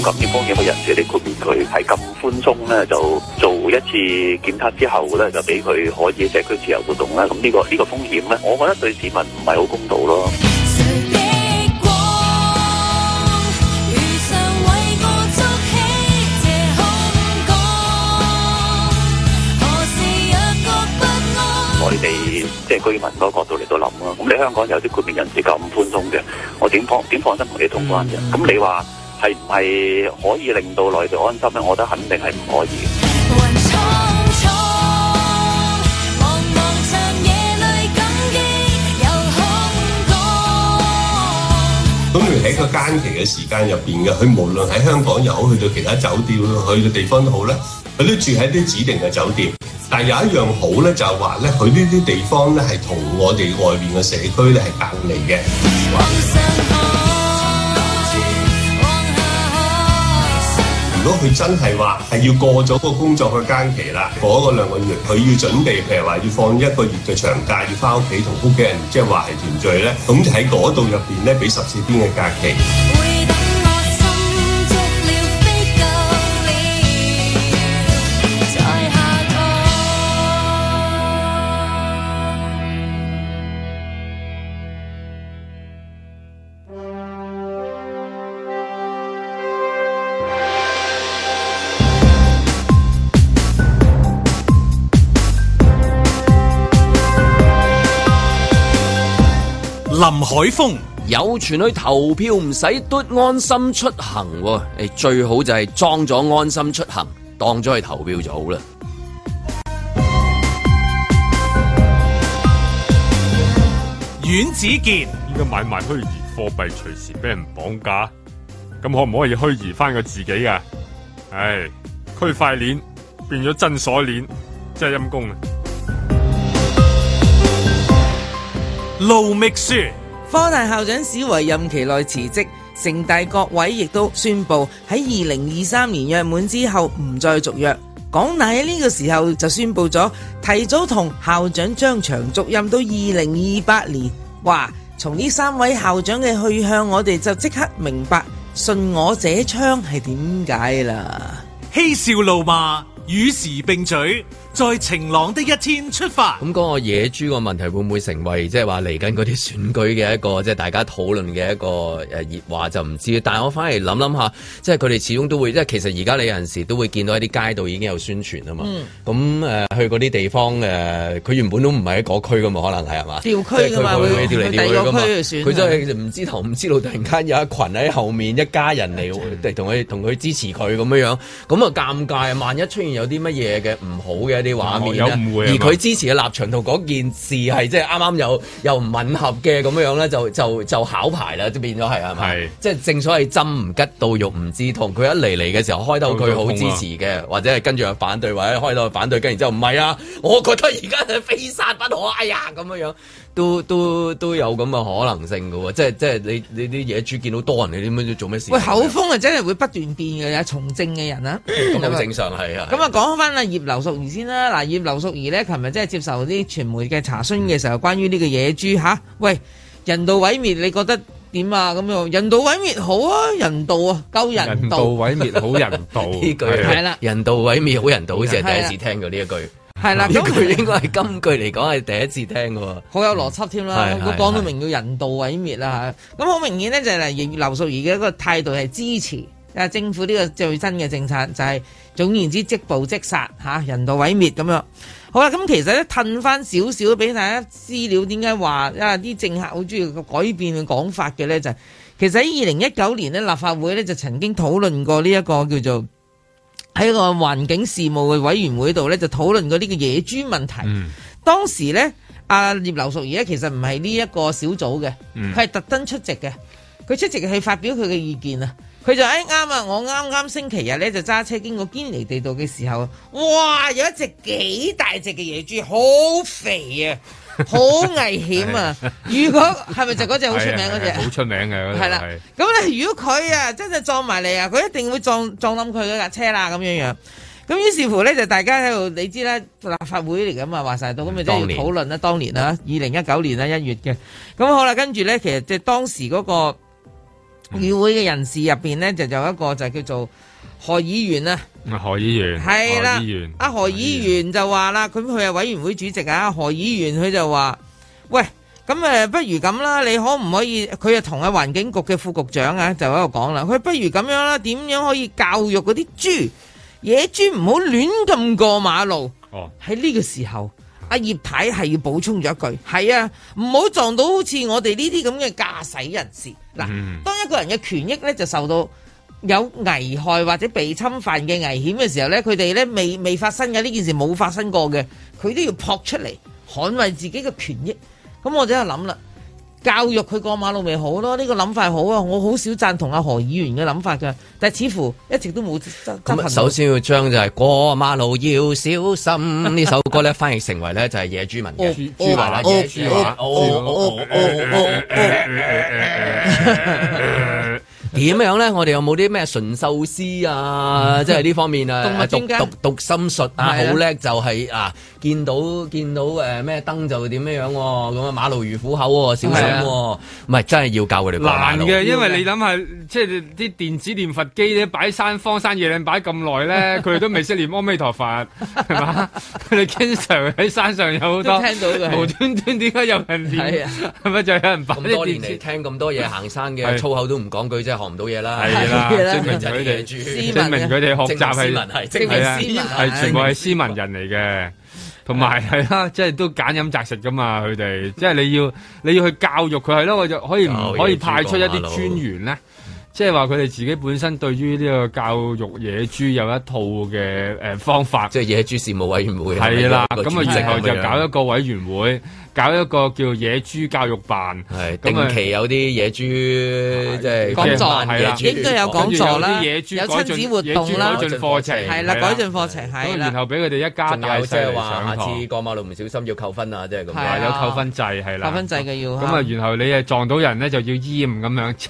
咁感染方面嘅人士，你豁免佢係咁寬鬆咧，就做一次檢測之後咧，就俾佢可以社區自由活動啦。咁呢個呢個風險咧，我覺得對市民唔係好公道咯。我哋即係居民嗰個角度嚟到諗啊，咁你香港有啲豁免人士咁寬鬆嘅，我點放點放心同你通關嘅？咁你話？係唔係可以令到內地安心？咧，我覺得肯定係唔可以。咁例如喺個間期嘅時間入邊嘅，佢無論喺香港又好，去到其他酒店，去嘅地方都好咧，佢都住喺啲指定嘅酒店。但係有一樣好咧，就係話咧，佢呢啲地方咧係同我哋外邊嘅社區咧係隔離嘅。如果佢真係話係要過咗個工作嘅間期啦，過咗個兩個月，佢要準備譬如話要放一個月嘅長假，要返屋企同屋企人即話係團聚咧，咁就喺嗰度入邊咧俾十四天嘅假期。林海峰有傳去投票唔使嘟安心出行，誒最好就係裝咗安心出行，當咗去投票就好啦。阮子健應該買賣虛擬貨幣，隨時俾人綁架，咁可唔可以虛擬翻佢自己啊？唉，區塊鏈變咗真鎖鏈，真係陰功啊！盧覓雪，科大校長史維任期內辭職，城大各位亦都宣布喺二零二三年約滿之後唔再續約。港大喺呢個時候就宣布咗提早同校長張翔續任到二零二八年。哇！從呢三位校長嘅去向，我哋就即刻明白信我者昌係點解啦。嬉笑怒罵，與時並舉。在晴朗的一天出發。咁嗰個野豬個問題會唔會成為即係話嚟緊嗰啲選舉嘅一個即係大家討論嘅一個誒熱話就唔知。但係我反而諗諗下，即係佢哋始終都會，即係其實而家你有陣時都會見到一啲街道已經有宣傳啊嘛、嗯嗯。咁誒去嗰啲地方誒，佢原本都唔係喺嗰區噶嘛，可能係係調區，係嘛？調區噶嘛，佢調嚟調去佢真係唔知頭唔知路，突然間有一群喺後面一家人嚟嚟同佢同佢支持佢咁樣樣，咁啊尷尬啊！萬一出現有啲乜嘢嘅唔好嘅。啲畫面而佢支持嘅立場同嗰件事係即係啱啱有又唔吻合嘅咁樣咧，就就就考牌啦，即係變咗係係，即係是 正所謂針唔拮到肉唔知痛。佢一嚟嚟嘅時候，開到佢好支持嘅，痛啊、或者係跟住又反對，或者開到反對，跟然之後唔係啊，我覺得而家係非殺不可哎呀咁樣樣。都都都有咁嘅可能性㗎喎，即係即係你你啲野豬見到多人，你點樣做咩事？喂，口風啊，真係會不斷變嘅，從政嘅人啊，咁 *laughs* 吧正常係啊。咁啊，講翻阿葉劉淑儀先啦。嗱、啊，葉劉淑儀呢，琴日即係接受啲傳媒嘅查詢嘅時候，嗯、關於呢個野豬吓、啊，喂人道毀滅，你覺得點啊？咁樣人道毀滅好啊，人道啊，夠人道毀滅好人道呢句係啦，人道毀滅好人道， *laughs* 好似係的的第一次聽過呢一句。係啦，咁佢應該係今句嚟講係第一次聽嘅，好、嗯、有邏輯添啦。佢講到明叫人道毀滅啦嚇，咁好明顯咧就係劉淑儀嘅一個態度係支持啊政府呢個最新嘅政策，就係、是、總言之即捕即殺嚇，人道毀滅咁樣。好啦，咁其實咧褪翻少少俾大家資料，點解話啊啲政客好中意改變嘅講法嘅咧？就係、是、其實喺二零一九年呢立法會咧就曾經討論過呢、這、一個叫做。喺個環境事務嘅委員會度咧，就討論過呢個野豬問題。嗯、當時咧，阿葉劉淑儀咧，其實唔係呢一個小組嘅，佢係、嗯、特登出席嘅。佢出席去發表佢嘅意見啊！佢就誒，啱啊！我啱啱星期日咧就揸車經過堅尼地道嘅時候，哇！有一隻幾大隻嘅野豬，好肥啊！好 *laughs* 危險啊！如果係咪就嗰隻好出名嗰隻？好 *laughs* 出名嘅，係啦。咁咧， *laughs* 如果佢啊，真係撞埋嚟啊，佢一定會撞撞冧佢嗰架車啦，咁樣樣。咁於是乎咧，就大家喺度，你知咧立法會嚟噶嘛，話晒到咁、啊，咪就要討論啦。當年啦，二零一九年啦、啊、一、啊、月嘅。咁好啦，跟住咧，其實即係當時嗰個議會嘅人士入邊咧，嗯、就有一個就叫做何議員啊。何議員係啦，阿何議員就話啦，佢佢係委員會主席啊。何議員佢就話，喂，咁誒，不如咁啦，你可唔可以？佢又同阿環境局嘅副局長啊，就喺度講啦。佢不如咁樣啦，點樣可以教育嗰啲豬野豬唔好亂咁過馬路？哦，喺呢個時候，阿葉太係要補充咗一句，係啊，唔好撞到好似我哋呢啲咁嘅駕駛人士。嗱、嗯，當一個人嘅權益咧就受到。有危害或者被侵犯嘅危險嘅時候咧，佢哋咧未未發生嘅呢件事冇發生過嘅，佢都要撲出嚟捍衛自己嘅權益。咁我就喺度諗啦，教育佢過馬路咪好咯？呢個諗法好啊！我好少贊同阿何議員嘅諗法噶，但係似乎一直都冇。咁首先要將就係過馬路要小心呢首歌咧翻譯成為咧就係野豬文嘅。豬話啦，野豬話。點樣咧？我哋有冇啲咩純壽司啊？即係呢方面啊，讀讀心術啊，好叻就係啊！見到見到誒咩燈就會點咩樣咁啊？馬路如虎口，小心！唔係真係要教佢哋。難嘅，因為你諗下，即係啲電子念佛機咧，擺山荒山野嶺擺咁耐咧，佢哋都未識念阿彌陀佛，係嘛？佢哋經常喺山上有好多聽到，無端端點解有人念？係咪就有人擺？咁多年嚟聽咁多嘢，行山嘅粗口都唔講句啫。學唔到嘢啦，係啦，證明佢哋，證明佢哋學習係，係啊，係全部係斯文人嚟嘅，同埋係啦，即係都揀飲擇食噶嘛，佢哋，即係你要你要去教育佢，係咯，我就可以唔可以派出一啲專員咧？即係話佢哋自己本身對於呢個教育野豬有一套嘅，誒方法，即係野豬事務委員會係啦。咁啊，然後就搞一個委員會，搞一個叫野豬教育辦，係定期有啲野豬即係講座，係啦，應該有講座啦，有親子活動啦，改進課程係啦，改進課程係啦。然後俾佢哋一家大細即係話，下次過馬路唔小心要扣分啊，即係咁啊，有扣分制係啦，扣分制嘅要咁啊，然後你啊撞到人咧就要醫咁樣，即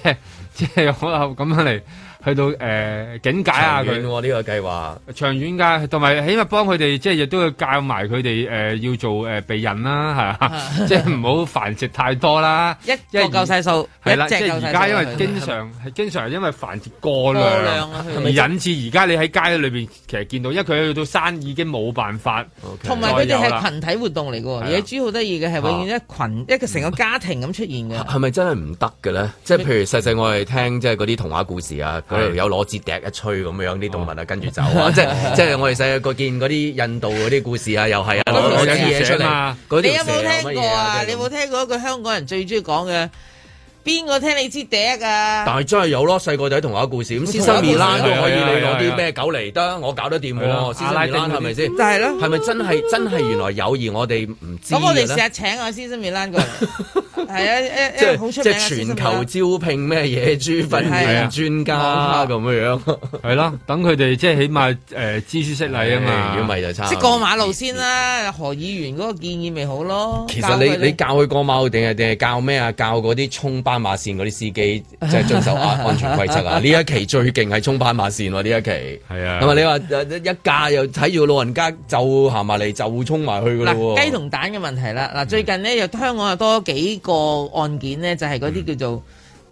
即係可能咁樣嚟。去到誒警戒下佢喎呢個計劃，長遠噶，同埋起碼幫佢哋即係亦都要教埋佢哋誒要做誒避孕啦，係啊，即係唔好繁殖太多啦，一個夠細數，係啦，即係而家因為經常係經常因為繁殖過量，而引致而家你喺街裏邊其實見到，因為佢去到山已經冇辦法，同埋佢哋係群體活動嚟嘅野豬，好得意嘅係永遠一群，一個成個家庭咁出現嘅，係咪真係唔得嘅咧？即係譬如細細我哋聽即係嗰啲童話故事啊。度有攞支笛一吹咁樣，啲動物啊、哦、跟住走啊！ *laughs* 即即我哋細個見嗰啲印度嗰啲故事啊，又係啊攞嘢出嚟。哦、你有冇聽過啊？有啊，你有冇聽過一個香港人最中意講嘅？邊個聽你支笛啊？但係真係有咯，細個仔童話故事咁，先生米蘭都可以你攞啲咩狗嚟得，我搞得掂嘅先生米蘭係咪先？就係咯。係咪真係真係原來友誼我哋唔知咁我哋成日請我先生米蘭過嚟，係啊，即係全球招聘咩野豬訓練專家咁樣，樣，係啦。等佢哋即係起碼誒知書識禮啊嘛，如果唔係就差。即過馬路先啦，何議員嗰個建議咪好咯？其實你你教佢過馬路定係定係教咩啊？教嗰啲衝斑馬，馬線嗰啲司機即係遵守安安全規則啊！呢 *laughs* 一期最勁係衝斑馬線喎、啊，呢一期係是啊。咁啊，你話一架又睇住個老人家就行埋嚟，就衝埋去噶啦、啊。雞同蛋嘅問題啦，嗱，最近呢，又香港又多幾個案件呢，就係嗰啲叫做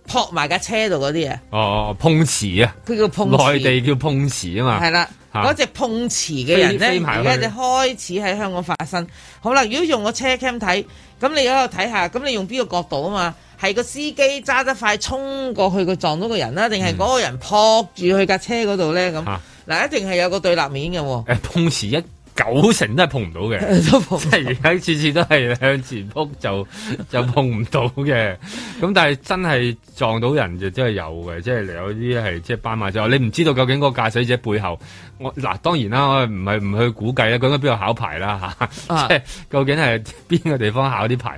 撲埋架車度嗰啲啊。哦、嗯，碰瓷啊！佢叫碰瓷，內地叫碰瓷啊嘛。係啦，嗰隻碰瓷嘅人咧，而家就開始喺香港發生。好啦，如果用個車 cam 睇，咁你喺度睇下，咁你用邊個角度啊嘛？係個司機揸得快衝過去，佢撞到個人啦，定係嗰個人撲住去架車嗰度咧？咁嗱、嗯，啊、一定係有個對立面嘅、啊啊。碰瓷，一九成都係碰唔到嘅，都碰唔到即係而家次次都係向前撲就就碰唔到嘅。咁、 *laughs* 嗯、但係真係撞到人就真係有嘅，即係有啲係即係斑馬線。你唔知道究竟個駕駛者背後，我嗱當然啦，我唔係唔去估計咧、啊啊， *laughs* 究竟邊度考牌啦吓？即係究竟係邊個地方考啲牌？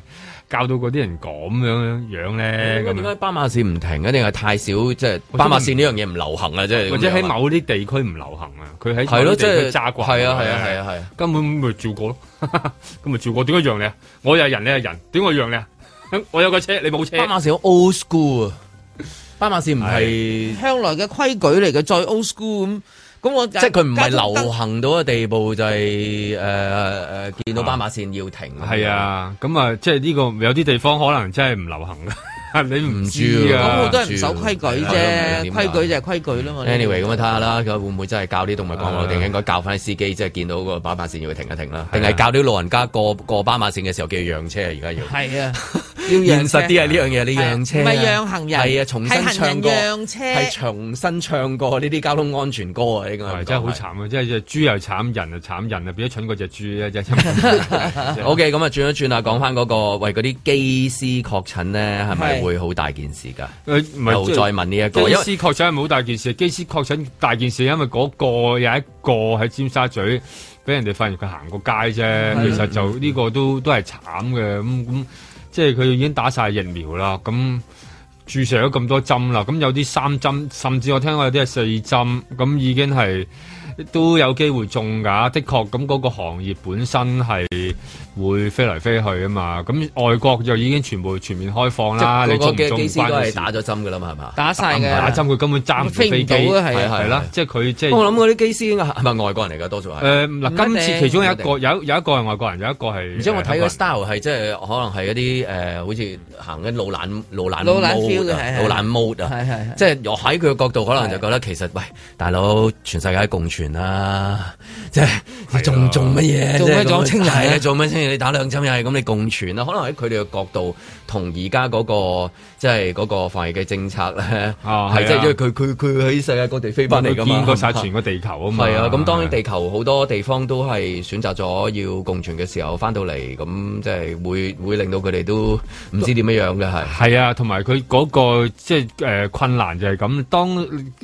教到嗰啲人咁樣樣咧，咁點解斑馬線唔停？一定係太少，即係斑馬線呢樣嘢唔流行啊！即係或者喺某啲地區唔流行啊，佢喺，係咯，即係揸過，係啊係啊係啊係，根本咪照過咯，咁咪照過？點解讓你啊？我又係人你又係人，點我讓你啊？我有個車你冇車，斑馬線 old school 啊，斑馬線唔係向來嘅規矩嚟嘅，再 old school 咁。咁我即係佢唔係流行到嘅地步，就係誒誒見到斑馬線要停。係啊，咁啊，即係呢個有啲地方可能真係唔流行噶，你唔知啊，咁我都係唔守規矩啫，規矩就係規矩啦嘛。Anyway，咁我睇下啦，佢會唔會真係教啲動物講，我哋應該教翻啲司機，即係見到個斑馬線要停一停啦。定係教啲老人家過過斑馬線嘅時候，叫佢讓車啊！而家要。係啊。現實啲啊，呢樣嘢，呢樣車唔係讓行人係啊，重新唱過，車係重新唱過呢啲交通安全歌啊。呢個真係好慘啊，即係隻豬又慘，人又慘，人啊變咗蠢過隻豬啊，只 OK。咁啊，轉一轉啊，講翻嗰個喂，嗰啲機師確診咧，係咪會好大件事噶？又再問呢一個機師確診，係冇大件事機師確診大件事，因為嗰個有一個喺尖沙咀俾人哋發現佢行過街啫。其實就呢個都都係慘嘅，咁咁。即係佢已經打晒疫苗啦，咁注射咗咁多針啦，咁有啲三針，甚至我聽過有啲係四針，咁已經係。都有機會中㗎，的確咁嗰個行業本身係會飛嚟飛去啊嘛。咁外國就已經全部全面開放啦，你個機師都係打咗針㗎啦嘛，係嘛？打晒打針佢根本揸唔飛機。係係啦，即係佢即係。我諗嗰啲機師係咪外國人嚟㗎多數嗱，今次其中有個有有一個係外國人，有一個係。而且我睇個 style 係即係可能係一啲好似行緊老闆老闆模啊，老闆 mode 即係我喺佢嘅角度，可能就覺得其實喂，大佬全世界共存。啊，即係你仲做乜嘢？做咩壯青年？做咩青年？你打兩針又係咁，你共存啊，可能喺佢哋嘅角度。同而家嗰個即係嗰個防疫嘅政策咧，係即係因為佢佢佢喺世界各地飛翻嚟咁，嘛，見過晒全個地球啊嘛。係啊，咁當然地球好多地方都係選擇咗要共存嘅時候翻到嚟，咁即係會會令到佢哋都唔知點樣樣嘅係係啊，同埋佢嗰個即係誒困難就係咁。當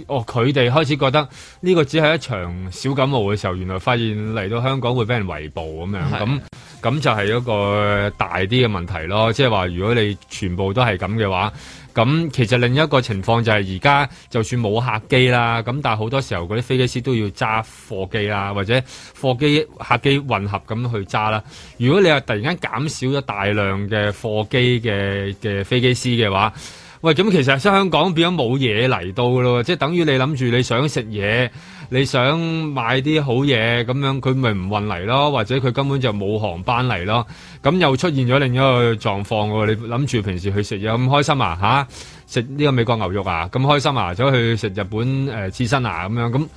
哦佢哋開始覺得呢個只係一場小感冒嘅時候，原來發現嚟到香港會俾人圍捕咁樣，咁咁就係一個大啲嘅問題咯。即係話如果。你全部都係咁嘅話，咁其實另一個情況就係而家就算冇客機啦，咁但係好多時候嗰啲飛機師都要揸貨機啦，或者貨機客機混合咁去揸啦。如果你話突然間減少咗大量嘅貨機嘅嘅飛機師嘅話，喂，咁其實香港變咗冇嘢嚟到咯，即係等於你諗住你想食嘢。你想買啲好嘢咁樣，佢咪唔運嚟咯？或者佢根本就冇航班嚟咯？咁又出現咗另一個狀況喎！你諗住平時去食嘢咁開心啊？嚇食呢個美國牛肉啊，咁開心啊？走去食日本誒刺身啊，咁樣咁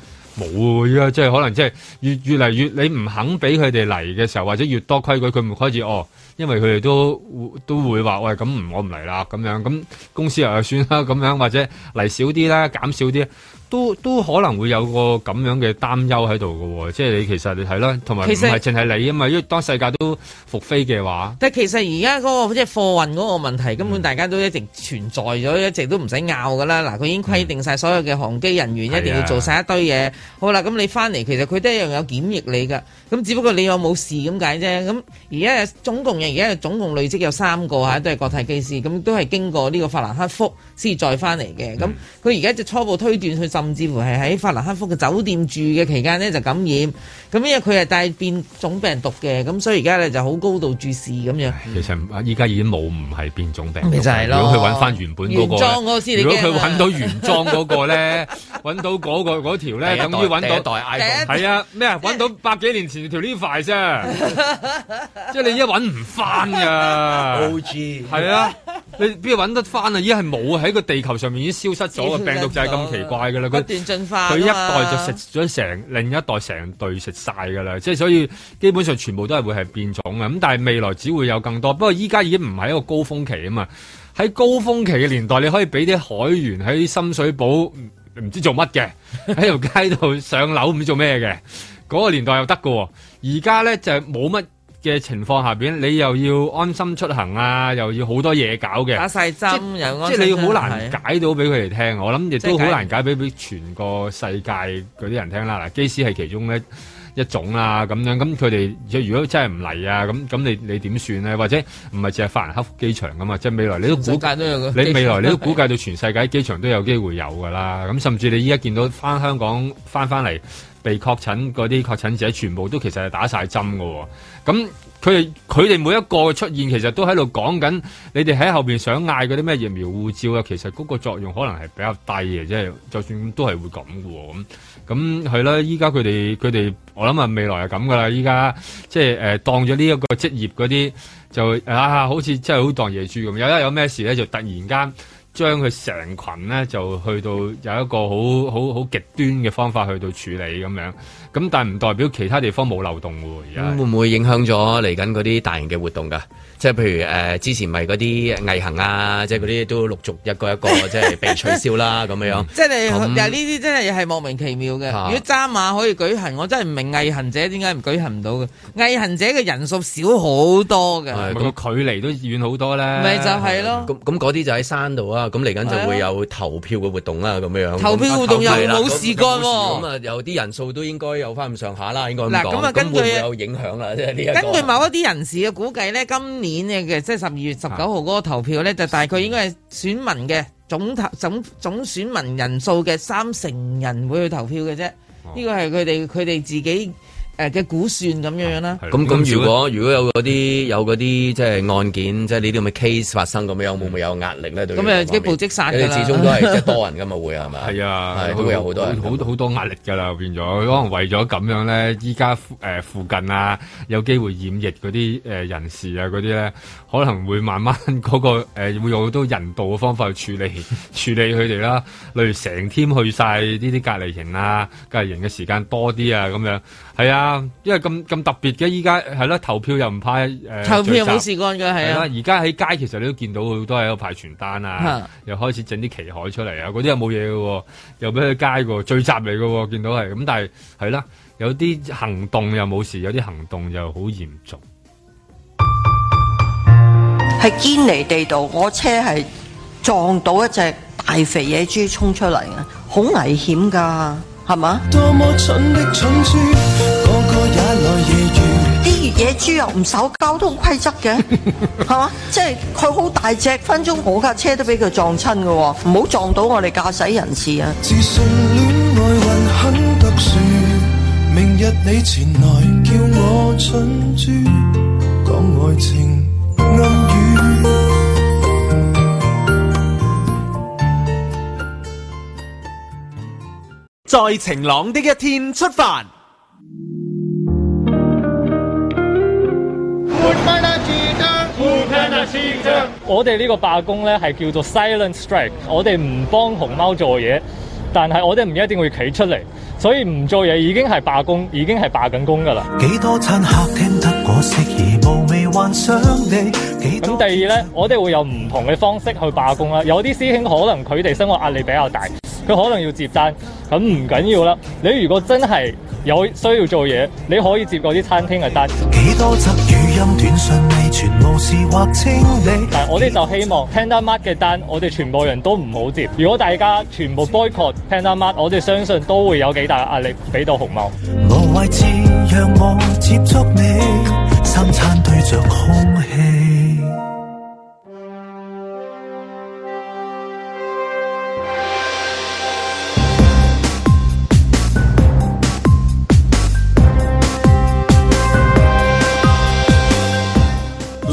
冇啊！依家即係可能即係越越嚟越你唔肯俾佢哋嚟嘅時候，或者越多規矩，佢唔開始哦，因為佢哋都都會話喂咁唔我唔嚟啦咁樣，咁公司又算啦咁樣，或者嚟少啲啦，減少啲。都都可能會有個咁樣嘅擔憂喺度嘅喎，即係你其實你睇啦，同埋其實唔係淨係你啊嘛，因為當世界都復飛嘅話，但係其實而家嗰個即係貨運嗰個問題、嗯、根本大家都一直存在咗，一直都唔使拗嘅啦。嗱，佢已經規定晒所有嘅航機人員、嗯、一定要做晒一堆嘢。的好啦，咁你翻嚟其實佢都一樣有檢疫你㗎，咁只不過你有冇事咁解啫。咁而家總共有，而家總共累積有三個嚇，都係國泰機師，咁都係經過呢個法蘭克福先再翻嚟嘅。咁佢而家就初步推斷去。甚至乎係喺法蘭克福嘅酒店住嘅期間咧，就感染。咁因為佢係帶變種病毒嘅，咁所以而家咧就好高度注視咁樣。嗯、其實依家已經冇唔係變種病毒。就係咯。如果佢揾翻原本嗰個，原你如果佢揾到原裝嗰個咧，揾 *laughs* 到嗰個嗰條咧，等於揾到代。係啊，咩啊？揾到百幾年前條呢塊啫。 *laughs* 即係你而家揾唔翻噶。O. G. 係啊，你邊度揾得翻啊？依家係冇喺個地球上面已經消失咗嘅病毒，就係咁奇怪嘅啦。不斷進化，啊，佢一代就食咗成另一代成隊食晒㗎啦，即係所以基本上全部都係會係變種嘅。咁但係未來只會有更多，不過依家已經唔係一個高峰期啊嘛。喺高峰期嘅年代，你可以俾啲海員喺深水埗唔知做乜嘅喺條街度上，上樓唔知做咩嘅嗰個年代又得喎，而家咧就冇乜。嘅情況下面，你又要安心出行啊，又要好多嘢搞嘅。打晒針即係你好難解到俾佢哋聽，的我諗亦都好難解俾全個世界嗰啲人聽啦。嗱解，機師係其中咧一種啦，咁樣咁佢哋如果真係唔嚟啊，咁咁你你點算呢？或者唔係淨係法蘭克福機場㗎嘛？即係未來你都估計都有個場你未來你都估計到全世界機場都有機會有噶啦。咁的甚至你依家見到翻香港翻翻嚟。回回被確診嗰啲確診者全部都其實係打晒針㗎喎，咁佢哋佢哋每一個出現其實都喺度講緊，你哋喺後面想嗌嗰啲咩疫苗護照啊，其實嗰個作用可能係比較低嘅，即係就算都係會咁嘅喎，咁咁係啦，依家佢哋佢哋我諗啊未來係咁㗎啦，依家即係誒當咗呢一個職業嗰啲就啊，好似真係好當野豬咁，有一有咩事咧就突然間。將佢成群呢，就去到有一個好好好極端嘅方法去到處理咁樣。咁但係唔代表其他地方冇漏洞嘅喎，而家會唔會影響咗嚟緊嗰啲大型嘅活動㗎？即係譬如誒之前咪嗰啲毅行啊，即係嗰啲都陸續一個一個即係被取消啦咁樣。即係你呢啲真係係莫名其妙嘅。如果揸馬可以舉行，我真係唔明毅行者點解唔舉行唔到嘅？毅行者嘅人數少好多嘅，咁距離都遠好多呢。咪就係咯。咁嗰啲就喺山度啊，咁嚟緊就會有投票嘅活動啦，咁樣。投票活動又冇事幹喎，咁啊有啲人數都應該。有翻咁上下啦，應該咁講。會唔會有影響啦？即係呢一個。根據某一啲人士嘅估計咧，今年嘅即係十二月十九號嗰個投票咧，就大概應該係選民嘅總投總總選民人數嘅三成人會去投票嘅啫。呢個係佢哋佢哋自己。誒嘅估算咁樣啦。咁咁、嗯嗯嗯，如果如果有嗰啲有嗰啲即係案件，即係呢啲咁嘅 case 發生咁樣，會唔會有壓力咧？嗯、對咁誒，啲部積晒你始終都係即 *laughs* 多人噶嘛會係咪？係啊，會有多人好多好好多壓力噶啦，變咗可能為咗咁樣咧，依家、呃、附近啊，有機會染疫嗰啲人士啊嗰啲咧，可能會慢慢嗰、那個、呃、會會用好多人道嘅方法去處理處理佢哋啦。例如成天去晒呢啲隔離營啊，隔離營嘅時間多啲啊，咁樣。係啊，因為咁咁特別嘅依家係啦，投票又唔派，誒、呃，投票冇事幹嘅係啊。而家喺街其實你都見到好多係有派傳單啊，啊又開始整啲旗海出嚟，啊嗰啲又冇嘢嘅，又俾佢街嘅聚集嚟嘅，見到係咁，但係係啦，有啲行動又冇事，有啲行動又好嚴重。係堅尼地道，我車係撞到一隻大肥野豬衝出嚟啊，好危險噶，係嘛？多麼蠢啲野，野，野豬又唔守交通規則嘅，係嘛？ *laughs* 即係佢好大隻，分分鐘我架車都俾佢撞親嘅喎，唔好撞到我哋駕駛人士啊！自信戀愛運很特殊，明日你前來叫我蠢豬，講愛情暗語。在晴朗的一天出發。我哋呢個罷工呢係叫做 Silent Strike，我哋唔幫熊貓做嘢，但係我哋唔一定會企出嚟，所以唔做嘢已經係罷工，已經係罷緊工噶啦。幾多餐客廳得我食而無味幻想你。咁第二呢，我哋會有唔同嘅方式去罷工啦。有啲師兄可能佢哋生活壓力比較大，佢可能要接單，咁唔緊要啦。你如果真係有需要做嘢，你可以接嗰啲餐廳嘅單。多全無事或清理但我事就希望 Panda m a 得 k 嘅單，我哋全部人都唔好接。如果大家全部 boycott Panda m 我哋相信都會有幾大壓力俾到紅帽。無位置讓我接觸你，心殘對著空氣。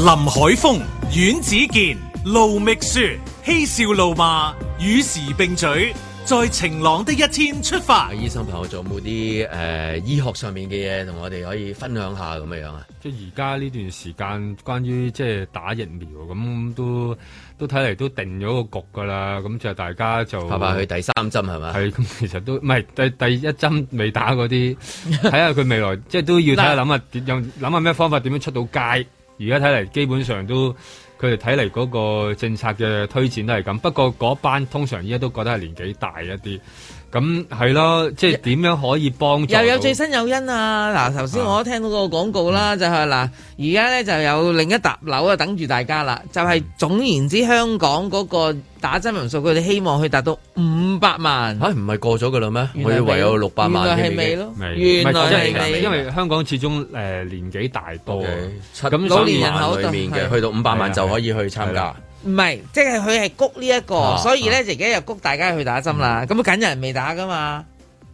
林海峰、阮子健、盧覓雪，嬉笑怒罵，與時並舉，在晴朗的一天出發。醫生朋友做冇啲誒醫學上面嘅嘢，同我哋可以分享下咁樣樣啊？即係而家呢段時間，關於即係打疫苗咁都都睇嚟都定咗個局噶啦。咁就大家就快快去第三針係咪？係咁，其實都唔係第第一針未打嗰啲，睇下佢未來即係都要睇下諗下點樣諗下咩方法點樣出到街。而家睇嚟，基本上都佢哋睇嚟嗰個政策嘅推薦都係咁。不過嗰班通常依家都覺得係年紀大一啲。咁係咯，即係點樣可以幫助？又有最新有因啊！嗱，頭先我聽聽到個廣告啦，啊、就係嗱，而家咧就有另一沓樓啊等住大家啦。就係、是、總而言之，香港嗰個打針人數，佢哋希望去達到五百萬。嚇、哎，唔係過咗嘅嘞咩？我以為有六百萬。原來係未咯？未原因為香港始終年紀大多，okay, 七、年人口裏面嘅，的去到五百萬就可以去參加。唔係，即係佢係谷呢一個，所以咧而家又谷大家去打針啦。咁梗有人未打噶嘛？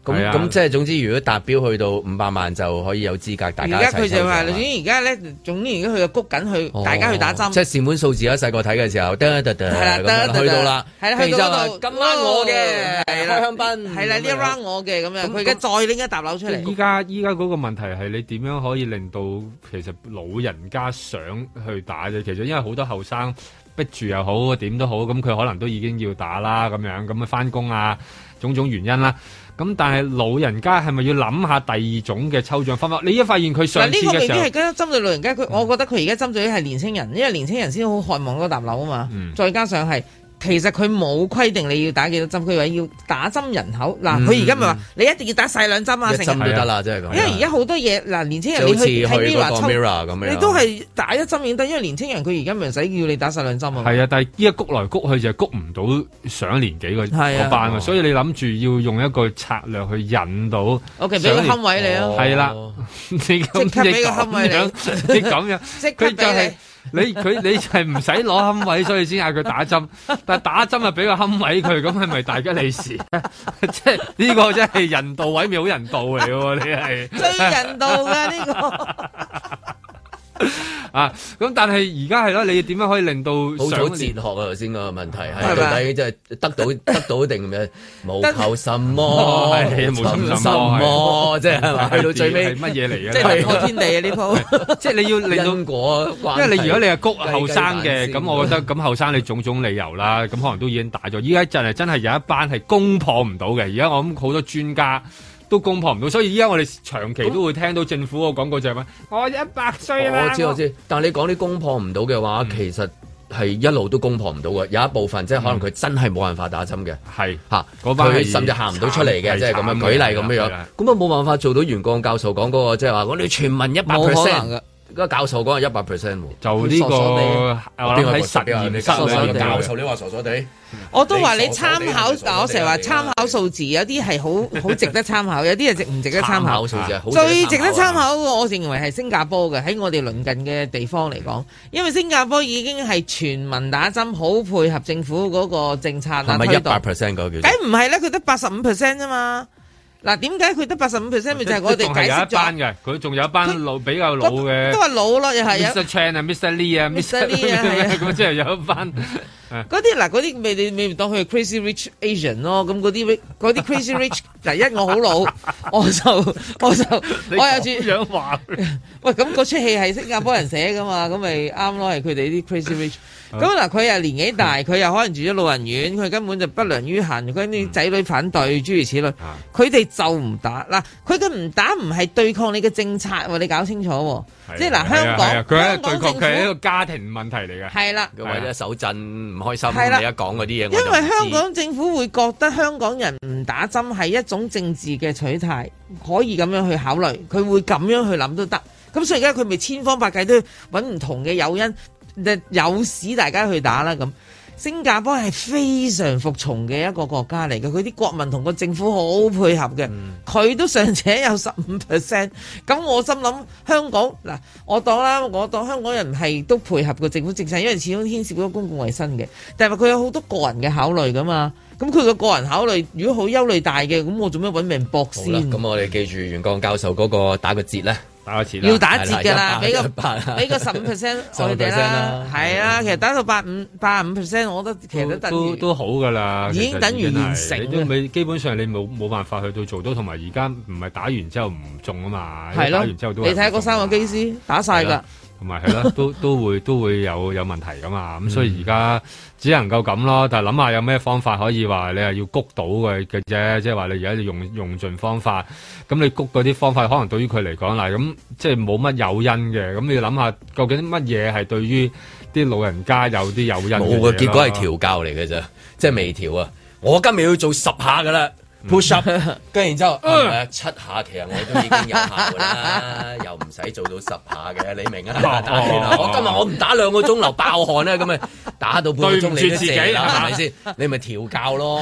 咁咁即係總之，如果達標去到五百萬，就可以有資格大家。而家佢就話，總之而家咧，總之而家佢又谷緊，去大家去打針。即係試本數字啊！細個睇嘅時候，得得得，係啦，去到啦，係啦，去到咁 round 我嘅，係啦，香檳，係啦，呢 round 我嘅咁樣。佢而家再拎一沓樓出嚟。依家依家嗰個問題係你點樣可以令到其實老人家想去打啫？其實因為好多後生。逼住又好，點都好，咁佢可能都已經要打啦，咁樣咁去翻工啊，種種原因啦、啊。咁但係老人家係咪要諗下第二種嘅抽獎方法？你一發現佢上呢個已經係針對老人家，佢、嗯、我覺得佢而家針對嘅係年青人，因為年青人先好渴望嗰沓樓啊嘛，再加上係。嗯其實佢冇規定你要打幾多針，佢話要打針人口。嗱，佢而家咪話你一定要打晒兩針啊，一針都得啦，即係咁。因為而家好多嘢，嗱，年輕人你去睇咩話針，你都係打一針已經得。因為年輕人佢而家唔使叫你打晒兩針啊。係啊，但係依家谷來谷去就谷唔到上年紀個班，係啊，好難，所以你諗住要用一個策略去引到，OK，俾個坑位你咯，係啦，你咁你咁樣，你咁樣，佢就係。 *laughs* 你佢你就係唔使攞龕位，所以先嗌佢打針。但係打針啊，俾個龕位佢，咁係咪大吉利是？即係呢個真係人道毀滅，好人道嚟喎。你係 *laughs* 最人道㗎，呢個。啊！咁但係而家係咯，你點樣可以令到好咗？哲學啊，頭先個問題係到底就係得到得到定咩？冇求什麼？什麼？即係去到最尾係乜嘢嚟啊？即係開天地啊！呢鋪即係你要令到果，因為你如果你係谷後生嘅，咁我覺得咁後生你種種理由啦，咁可能都已經大咗。依家就係真係有一班係攻破唔到嘅。而家我諗好多專家。都攻破唔到，所以依家我哋長期都會聽到政府個廣告就係、是、咩？我一百歲，我知，我知。但係你講啲攻破唔到嘅話，嗯、其實係一路都攻破唔到嘅。有一部分即係可能佢真係冇辦法打針嘅，係嚇。佢甚至行唔到出嚟嘅，即係咁嘅舉例咁嘅樣。咁啊冇辦法做到袁國勇教授講嗰個，即係話我哋全民一百 percent 個教授講係一百 percent 喎，就呢、呢個你諗喺實驗教授，你話傻傻地，我都話你參考，我成日話參考數字，有啲係好好值得參考，有啲係值唔值得參考。參考數字，最值得參考我認為係新加坡嘅，喺我哋鄰近嘅地方嚟講，因為新加坡已經係全民打針，好配合政府嗰個政策一百 percent 同埋推動。梗唔係咧，佢得八十五 percent 咋嘛。嗱，點解佢得八十五 percent？咪就係我哋解釋咗。佢仲有一班老比較老嘅，都話老咯，又係啊。Mr Chan 啊，Mr Lee 啊，Mr Lee 啊，咁即係有一班。嗰啲嗱，嗰啲你你唔當佢係 Crazy Rich Asian 咯？咁嗰啲嗰啲 crazy rich，第一我好老，我就我就我有次想話佢。喂，咁嗰出戲係新加坡人寫㗎嘛？咁咪啱咯，係佢哋啲 crazy rich。咁嗱，佢又年紀大，佢又可能住咗老人院，佢根本就不良於行，跟啲仔女反對、嗯、諸如此類，佢哋、啊、就唔打。嗱，佢嘅唔打唔係對抗你嘅政策，你搞清楚。即係嗱，香港佢、啊啊、佢係、啊、一個家庭問題嚟嘅。係啦、啊，佢、啊、為咗手震唔開心。係啦、啊，你一講嗰啲嘢，因為香港政府會覺得香港人唔打針係一種政治嘅取態，可以咁樣去考慮，佢會咁樣去諗都得。咁所以而家佢咪千方百計都揾唔同嘅誘因。有市大家去打啦咁，新加坡係非常服從嘅一個國家嚟嘅，佢啲國民同個政府好配合嘅，佢都尚且有十五 percent，咁我心諗香港嗱，我當啦，我當香港人係都配合個政府政策，因為始終牽涉咗公共衛生嘅，但係佢有好多個人嘅考慮噶嘛，咁佢個個人考慮如果好憂慮大嘅，咁我做咩搵命搏先？好啦，咁我哋記住袁剛教授嗰個打個折呢。打個要打折噶啦，俾個俾個十五 percent 佢哋啦，係啊，其實打到八五八五 percent，我覺得其實都都，都好噶啦，已經等於完成你都未，基本上你冇冇辦法去到做到，同埋而家唔係打完之後唔中啊嘛，係打完之後都唔中，你睇下嗰三個機師打晒噶。咪係啦都都會都會有有問題噶嘛，咁、嗯、所以而家只能夠咁咯。但係諗下有咩方法可以話你係要谷到佢嘅啫，即係話你而家用用盡方法，咁你谷嗰啲方法可能對於佢嚟講嗱，咁即係冇乜誘因嘅。咁你要諗下，究竟乜嘢係對於啲老人家有啲誘因嘅有？冇嘅，結果係調教嚟嘅啫，嗯、即係微調啊！我今日要做十下噶啦。push up，跟然之後七下，其實我都已經入下㗎啦，又唔使做到十下嘅，你明啊？我今日我唔打兩個鐘流爆汗咧，咁咪打到半個鐘你自己係咪先？你咪調教咯，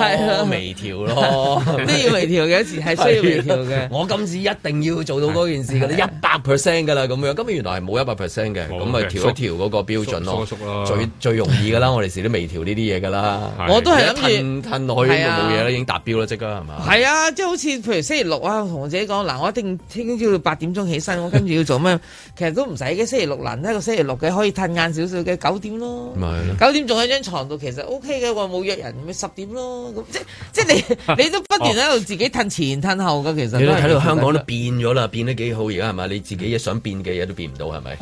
微調咯，都要微調嘅，有時係需要微調嘅。我今次一定要做到嗰件事嘅，你一百 percent 㗎啦，咁樣根本原來係冇一百 percent 嘅，咁咪調一調嗰個標準咯，最最容易㗎啦，我哋時都微調呢啲嘢㗎啦。我都係諗住，係啊，冇嘢啦，已經達標啦，即刻。係啊，即係好似譬如星期六啊，同我，我自己講嗱，我一定聽朝要八點鐘起身，我跟住要做咩？其實都唔使嘅。星期六嗱，難得個星期六嘅可以褪晏少少嘅九點咯，九點仲喺張床度，其實 O K 嘅。我冇約人，咪十點咯。咁即即係你你都不斷喺度自己褪、 *laughs* 哦、前褪後噶。其實你都，睇到香港都變咗啦，變得幾好而家係咪？你自己一想變嘅嘢都變唔到係咪？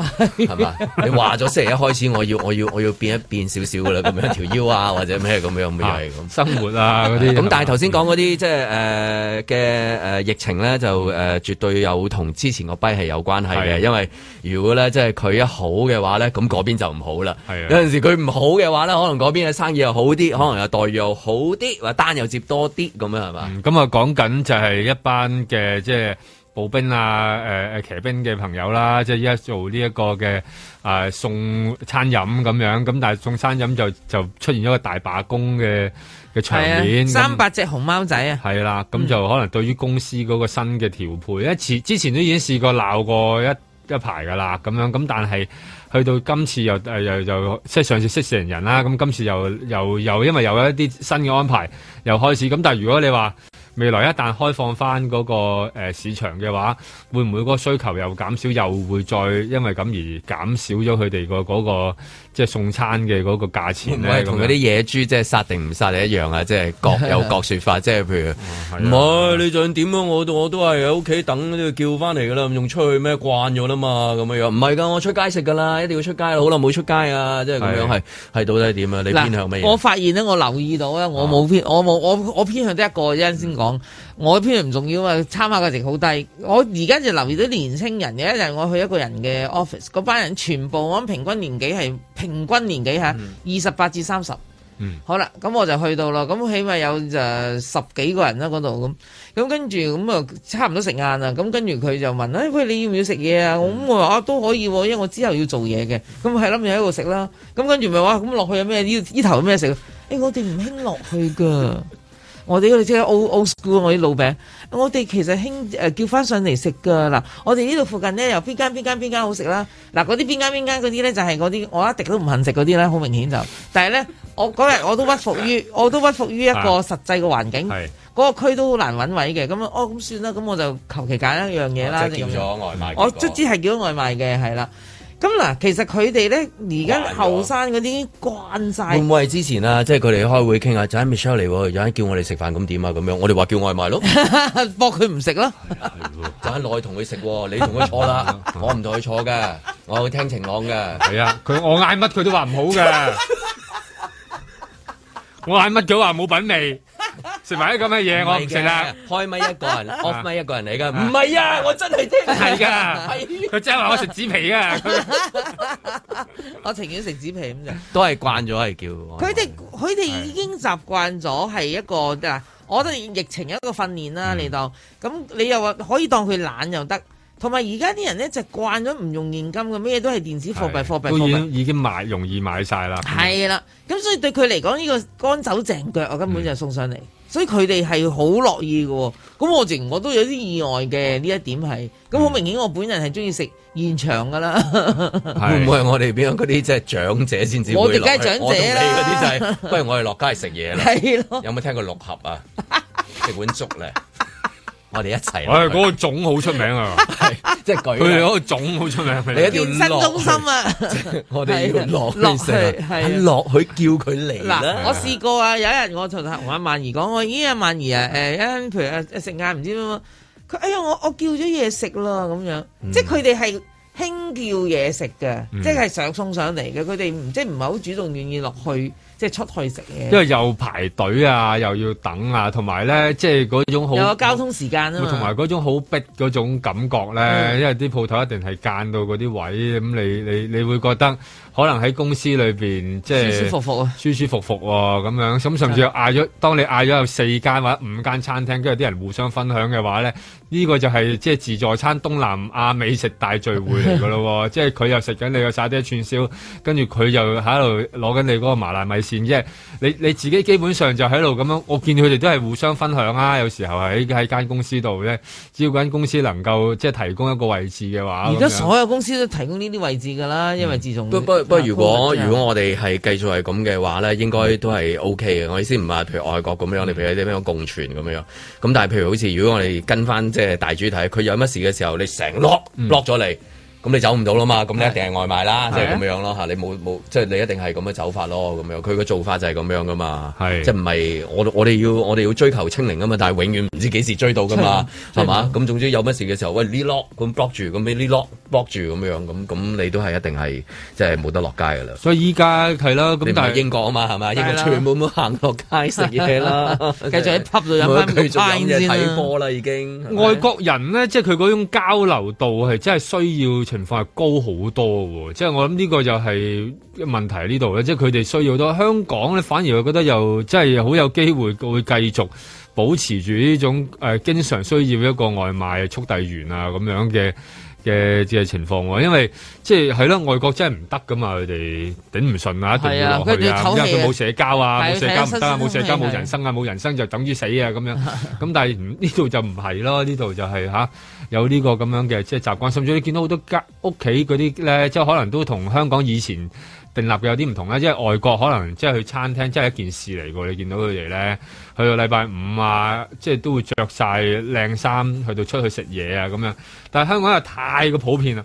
係嘛？ *laughs* 你話咗星期一開始，我要我要我要變一變少少噶啦，咁樣條腰啊或者咩咁樣咁咁是樣生活啊啲。咁但係頭先講嗰啲即係。嗯誒嘅誒疫情咧就誒、呃、絕對有同之前個跛係有關係嘅，是的 因為如果咧即係佢一好嘅話咧，咁嗰邊就唔好啦。係啊，有陣時佢唔好嘅話咧，可能嗰邊嘅生意又好啲，是的 可能個待遇又好啲，或單又接多啲咁樣係嘛。咁啊，講緊就係一班嘅即係步兵啊，誒誒騎兵嘅朋友啦，即係依家做呢一個嘅啊、呃、送餐飲咁樣，咁但係送餐飲就就出現咗個大罷工嘅。嘅場面，啊、那三百隻熊貓仔啊！係啦、啊，咁就可能對於公司嗰個新嘅調配，一次、嗯、之前都已經試過鬧過一一排噶啦，咁樣咁，但係去到今次又又又即係上次識成人人啦，咁今次又又又因為有一啲新嘅安排，又開始咁，但係如果你話，未來一旦開放翻嗰個市場嘅話，會唔會嗰個需求又減少，又會再因為咁而減少咗佢哋個嗰個即係送餐嘅嗰個價錢咧？同嗰啲野豬即係殺定唔殺一樣啊！即係各有各説法， *laughs* 即係譬如唔係你想點樣我我都係喺屋企等都要叫翻嚟㗎啦，用出去咩慣咗啦嘛？咁樣唔係㗎，我出街食㗎啦，一定要出街啦，好耐冇出街啊！即係咁樣係係的到底點啊？你偏向咩？我發現呢，我留意到咧，我冇偏，我冇我我偏向得一個先講我篇唔重要啊嘛，參考價值好低。我而家就留意到年青人，有一日我去一個人嘅 office，嗰班人全部我諗平均年紀係平均年紀吓，二十八至三十。嗯，好啦，咁我就去到啦，咁起碼有就十幾個人啦嗰度咁，咁跟住咁啊，差唔多食晏啦。咁跟住佢就問：喂，你要唔要食嘢啊？嗯、我咁我話啊都可以、啊，因為我之後要做嘢嘅。咁係啦，諗住喺度食啦。咁跟住咪話咁落去有咩？呢呢頭有咩食？誒、欸，我哋唔興落去噶。 *laughs* 我哋嗰度即係 old old school 嗰啲老餅，我哋其實興誒叫翻上嚟食㗎嗱，我哋呢度附近咧又邊間邊間邊間好食啦，嗱嗰啲邊間邊間嗰啲咧就係嗰啲我一滴都唔肯食嗰啲咧，好明顯就，但係咧我嗰日我都屈服於我都屈服於一個實際嘅環境，嗰 *laughs* 個區都好難揾位嘅，咁啊，哦咁算啦，咁我就求其揀一樣嘢啦，我即係叫咗外賣，我卒之係叫咗外賣嘅，係啦。咁嗱，其實佢哋咧，而家後生嗰啲已經慣晒。了了會唔會係之前啊？即係佢哋開會傾下，就喺 Michelle 嚟，有人、啊、叫我哋食飯咁點啊？咁樣我哋話叫外賣咯， *laughs* 博佢唔食咯。就喺內同佢食，你同佢坐啦， *laughs* 我唔同佢坐㗎。我會聽晴朗嘅。係啊，佢我嗌乜佢都話唔好嘅， *laughs* 我嗌乜佢話冇品味。食埋啲咁嘅嘢，我唔食啦。開咪一個人，off 咪一個人嚟噶。唔係啊，我真係聽唔係噶。佢真係話我食紙皮㗎。我情願食紙皮咁就。都係慣咗係叫。佢哋佢哋已經習慣咗係一個嗱，我覺得疫情一個訓練啦，嚟到。咁你又話可以當佢懶又得。同埋而家啲人咧就慣咗唔用現金嘅，咩都係電子貨幣，貨，貨，貨幣，已經買容易買晒啦。係啦，咁所以對佢嚟講呢個乾走淨腳，我根本就送上嚟，嗯、所以佢哋係好樂意喎。咁我我都有啲意外嘅呢、嗯、一點係，咁好明顯我本人係中意食現場㗎啦。會唔會係我哋變嗰啲即係長者先至？我哋梗係長者啦。嗰啲就係， *laughs* 不如我哋落街食嘢啦。係咯的。有冇聽過六合啊？食 *laughs* 碗粥咧。 *laughs* 我哋一齊，我哋嗰個種好出名啊！係，即係佢哋嗰個種好出名嘅。你一定要落去啊！我哋要落去食，係落去叫佢嚟嗱。我試過啊，有一日我同同阿曼怡講，我咦阿曼怡啊，誒一譬如誒一食晏唔知乜乜，佢哎呀我我叫咗嘢食囉咁樣，即係佢哋係興叫嘢食嘅，即係想送上嚟嘅，佢哋唔即係唔係好主動願意落去。即係出去食嘢，因為又排隊啊，又要等啊，同埋咧，即係嗰種好有，有交通時間啊，同埋嗰種好逼嗰種感覺咧，嗯、因為啲鋪頭一定係間到嗰啲位，咁、嗯、你你你會覺得。可能喺公司裏邊即係舒舒服服，啊，舒舒服服咁，啊，樣，咁甚至嗌咗，當你嗌咗有四間或者五間餐廳，跟住啲人互相分享嘅話咧，呢、呢個就係即係自助餐東南亞美食大聚會嚟噶咯。 *laughs* 即係佢又食緊你個沙爹串燒，跟住佢又喺度攞緊你嗰個麻辣米線，即係你你自己基本上就喺度咁樣。我見佢哋都係互相分享啊，有時候喺喺間公司度咧，只要間公司能夠即係提供一個位置嘅話，而家所有公司都提供呢啲位置噶啦，因為自從不，不過，如果如果我哋係繼續係咁嘅話咧，應該都係 OK 嘅。我意思唔係譬如外國咁樣，你譬如啲咩共存咁樣。咁但係譬如好似如果我哋跟返即係大主體，佢有乜事嘅時候，你成落落咗嚟。嗯咁你走唔到啦嘛，咁你一定係外賣啦，即係咁樣咯嚇，你冇冇即係你一定係咁嘅走法咯，咁樣佢嘅做法就係咁樣噶嘛，啊、即係唔係我我哋要我哋要追求清零啊嘛，但係永遠唔知幾時追到噶嘛，係嘛、啊？咁、啊、總之有乜事嘅時候，喂呢 lock 咁 block 住，咁俾呢 lock block 住咁樣，咁咁你都係一定係即係冇得落街噶啦。所以依家係啦，咁但係英國啊嘛，係嘛了？英國全部都行落街食嘢啦， *laughs* Okay. 繼續喺 club 度飲翻唔翻嘅睇波啦已經。吧外國人呢，即係佢嗰種交流度係真係需要。情況係高好多喎，即、就、係、是，我諗呢個就係問題呢度咧，即係佢哋需要多香港咧，反而又覺得又真係好有機會會繼續保持住呢種誒、呃、經常需要一個外賣速遞員啊咁樣嘅嘅嘅情況，因為即係係咯，外國真係唔得噶嘛，佢哋頂唔順啊，一定要落去啊，因為佢冇社交啊，冇社交唔得啊，冇社交冇人生啊，冇的人生就等於死啊咁樣，咁 *laughs* 但係呢度就唔係咯，呢度就係、是啊有呢個咁樣嘅即係習慣，甚至你見到好多家屋企嗰啲呢，即係可能都同香港以前訂立嘅有啲唔同啦。即係外國可能即係去餐廳，即係一件事嚟嘅喎。你見到佢哋呢，去到禮拜五啊，即係都會着晒靚衫去到出去食嘢啊咁樣。但係香港又太過普遍啦，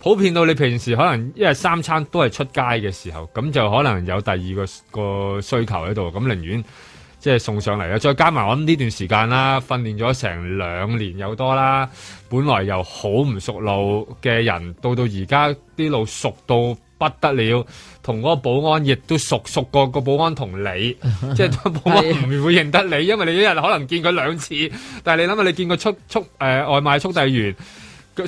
普遍到你平時可能一日三餐都係出街嘅時候，咁就可能有第二個個需求喺度，咁寧願。即係送上嚟啦，再加埋我諗呢段時間啦，訓練咗成兩年有多啦，本來又好唔熟路嘅人，到到而家啲路熟到不得了，同嗰個保安亦都熟熟過個保安同你，即係 *laughs* 保安唔會認得你，因為你一日可能見佢兩次，但係你諗下你見個速速誒外賣速遞員。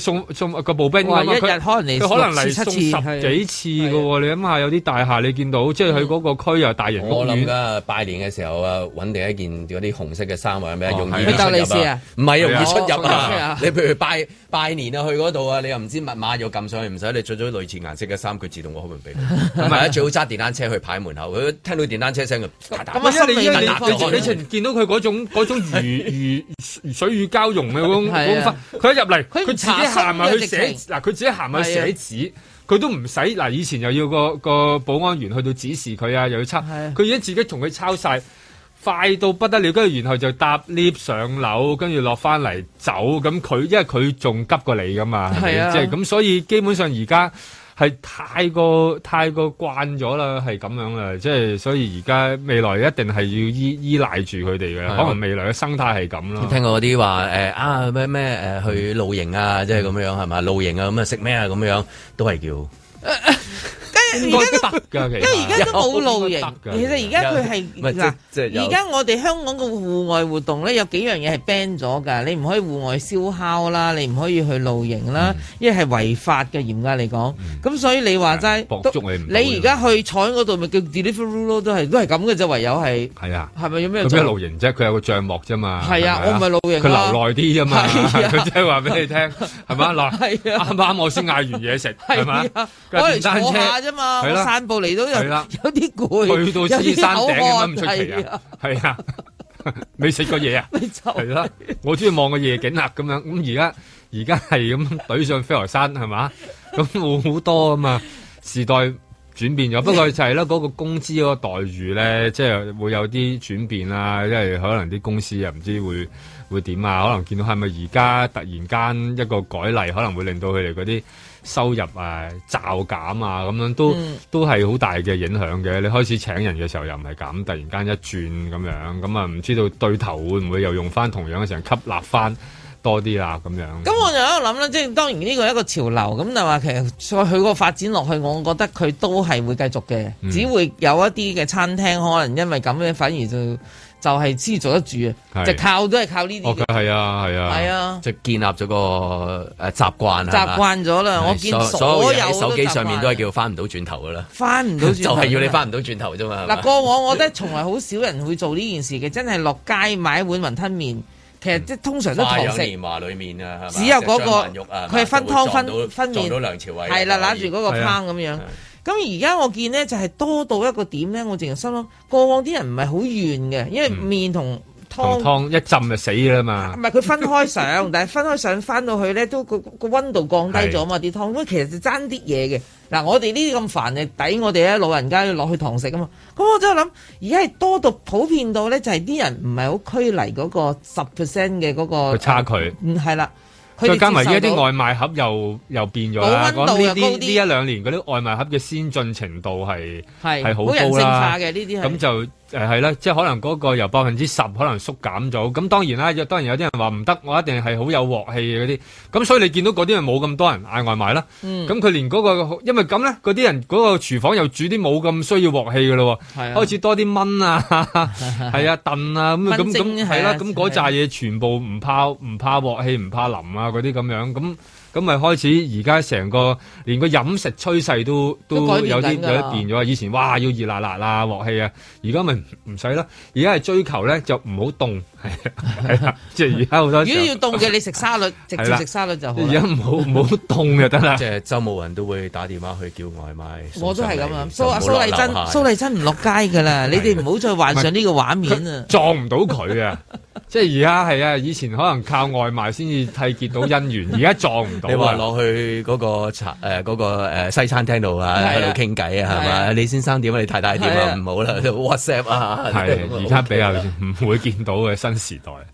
送送個步兵，哇！一日可能嚟，佢可能嚟送十幾次嘅喎。你諗下，有啲大廈你見到，即係佢嗰個區又大型屋苑。我諗噶拜年嘅時候啊，揾定一件嗰啲紅色嘅衫或者咩，容易出入啊。唔係容易出入啊，你譬如拜。拜年啊，去嗰度啊，你又唔知密碼又撳上去，唔使你着咗類似顏色嘅衫，佢自動會開門俾你。咁啊，最好揸電單車去擺門口，佢聽到電單車聲就。咁啊，因為你你你你前見到佢嗰種嗰種水乳交融嘅嗰種嗰種方法，佢一入嚟，佢自己行埋去寫，嗱佢自己行埋去寫字，佢都唔使嗱，以前又要個個保安員去到指示佢啊，又要測，佢已經自己同佢抄晒。快到不得了，跟住然後就搭 lift 上樓，跟住落翻嚟走。咁佢因為佢仲急過你噶嘛，即係咁，係啊、所以基本上而家係太過太過慣咗啦，係咁樣啦，即係所以而家未來一定係要依依賴住佢哋嘅，可能未來嘅生態係咁咯。聽過嗰啲話誒啊咩咩、呃、去露營啊，即係咁樣係嘛？露營啊，咁啊食咩啊，咁樣都係叫。啊啊而家都白㗎，其實而家都冇露營。其實而家佢係嗱，而家我哋香港個戶外活動咧有幾樣嘢係 ban 咗㗎。你唔可以戶外燒烤啦，你唔可以去露營啦，因為係違法嘅，嚴格嚟講。咁所以你話齋，你而家去坐喺嗰度咪叫 delivery 咯？都係都係咁嘅啫，唯有係係啊，係咪有咩？咩露營啫？佢有個帳幕啫嘛。係啊，我唔係露營。佢留耐啲啫嘛。佢即係話俾你聽，係咪？來，啱啱我先嗌完嘢食，係咪？我嚟坐下啫嘛。係啦，啊、散步嚟到又，啊、有啲攰，了去到啲山頂咁樣唔出奇啊，係啊，未食 *laughs* 過嘢啊，係啦，我中意望個夜景啊，咁 *laughs* 樣，咁而家而家係咁，樣對上飛來山係嘛，咁好 *laughs* 多啊嘛，時代轉變咗，不過就係咧嗰個工資嗰個待遇咧，即係會有啲轉變啦，因為可能啲公司又唔知會會點啊，可能見到係咪而家突然間一個改例，可能會令到佢哋嗰啲。收入啊，驟減啊，咁樣都都係好大嘅影響嘅。嗯、你開始請人嘅時候又唔係咁，突然間一轉咁樣，咁啊唔知道對頭會唔會又用翻同樣嘅成吸納翻多啲啊咁樣。咁、嗯、我就喺度諗啦，即係當然呢個係一個潮流，咁就話其實再佢個發展落去，我覺得佢都係會繼續嘅，只會有一啲嘅餐廳可能因為咁樣反而就。就係知做得住啊！就靠都係靠呢啲嘢，係啊係啊，就建立咗個誒習慣，習慣咗啦。我見所有手機上面都係叫翻唔到轉頭噶啦，翻唔到轉頭就係要你翻唔到轉頭啫嘛。嗱，過往我覺得從來好少人會做呢件事嘅，真係落街買碗雲吞麵，其實即通常都堂食。年華裏面啊，只有嗰個佢係分湯分分麵，到梁朝偉係啦，攬住嗰個湯咁樣。咁而家我見咧就係、是、多到一個點咧，我淨係心諗過往啲人唔係好怨嘅，因為麵同湯，嗯、湯一浸就死啦嘛。唔係佢分開上， *laughs* 但係分開上翻到去咧，都個個溫度降低咗嘛啲湯。咁是其實就爭啲嘢嘅。嗱，我哋呢啲咁煩就抵我哋咧，老人家要落去堂食啊嘛。咁我真係諗而家係多到普遍到咧，就係、是、啲人唔係好拘泥嗰個十 percent 嘅嗰個差距。嗯，係啦。再加埋呢一啲外賣盒又又變咗啦，講呢啲呢一兩年嗰啲外賣盒嘅先進程度係係好高啦。咁就。誒係啦，即係可能嗰個由百分之十可能縮減咗，咁當然啦，當然有啲人話唔得，我一定係好有鑊氣嗰啲，咁所以你見到嗰啲人冇咁多人嗌外賣啦，咁佢、嗯、連嗰、嗰個，因為咁咧，嗰啲人嗰個廚房又煮啲冇咁需要鑊氣嘅咯，開始是的 多啲炆啊，係啊 *laughs* 燉啊，咁咁咁係啦，咁嗰扎嘢全部唔怕唔怕鑊氣唔怕淋啊嗰啲咁樣咁。咁咪開始，而家成個連個飲食趨勢都都有啲有啲變咗。以前哇，要熱辣辣啦，鑊氣啊，而家咪唔使啦。而家係追求咧，就唔好凍。係啦，即係而家好多。如果要凍嘅，你食沙律，直接食沙律就好。而家唔好唔好凍就得啦。即係周慕雲都會打電話去叫外賣。我都係咁啊，蘇蘇麗珍，蘇麗珍唔落街噶啦，你哋唔好再幻想呢個畫面啊！撞唔到佢啊！即係而家係啊，以前可能靠外賣先至締結到姻緣，而家撞唔到。你話落去嗰個茶誒，個誒西餐廳度啊，喺度傾偈啊，係嘛？李先生點啊？你太太點啊？唔好啦，WhatsApp 啊。係而家比較唔會見到嘅新時代。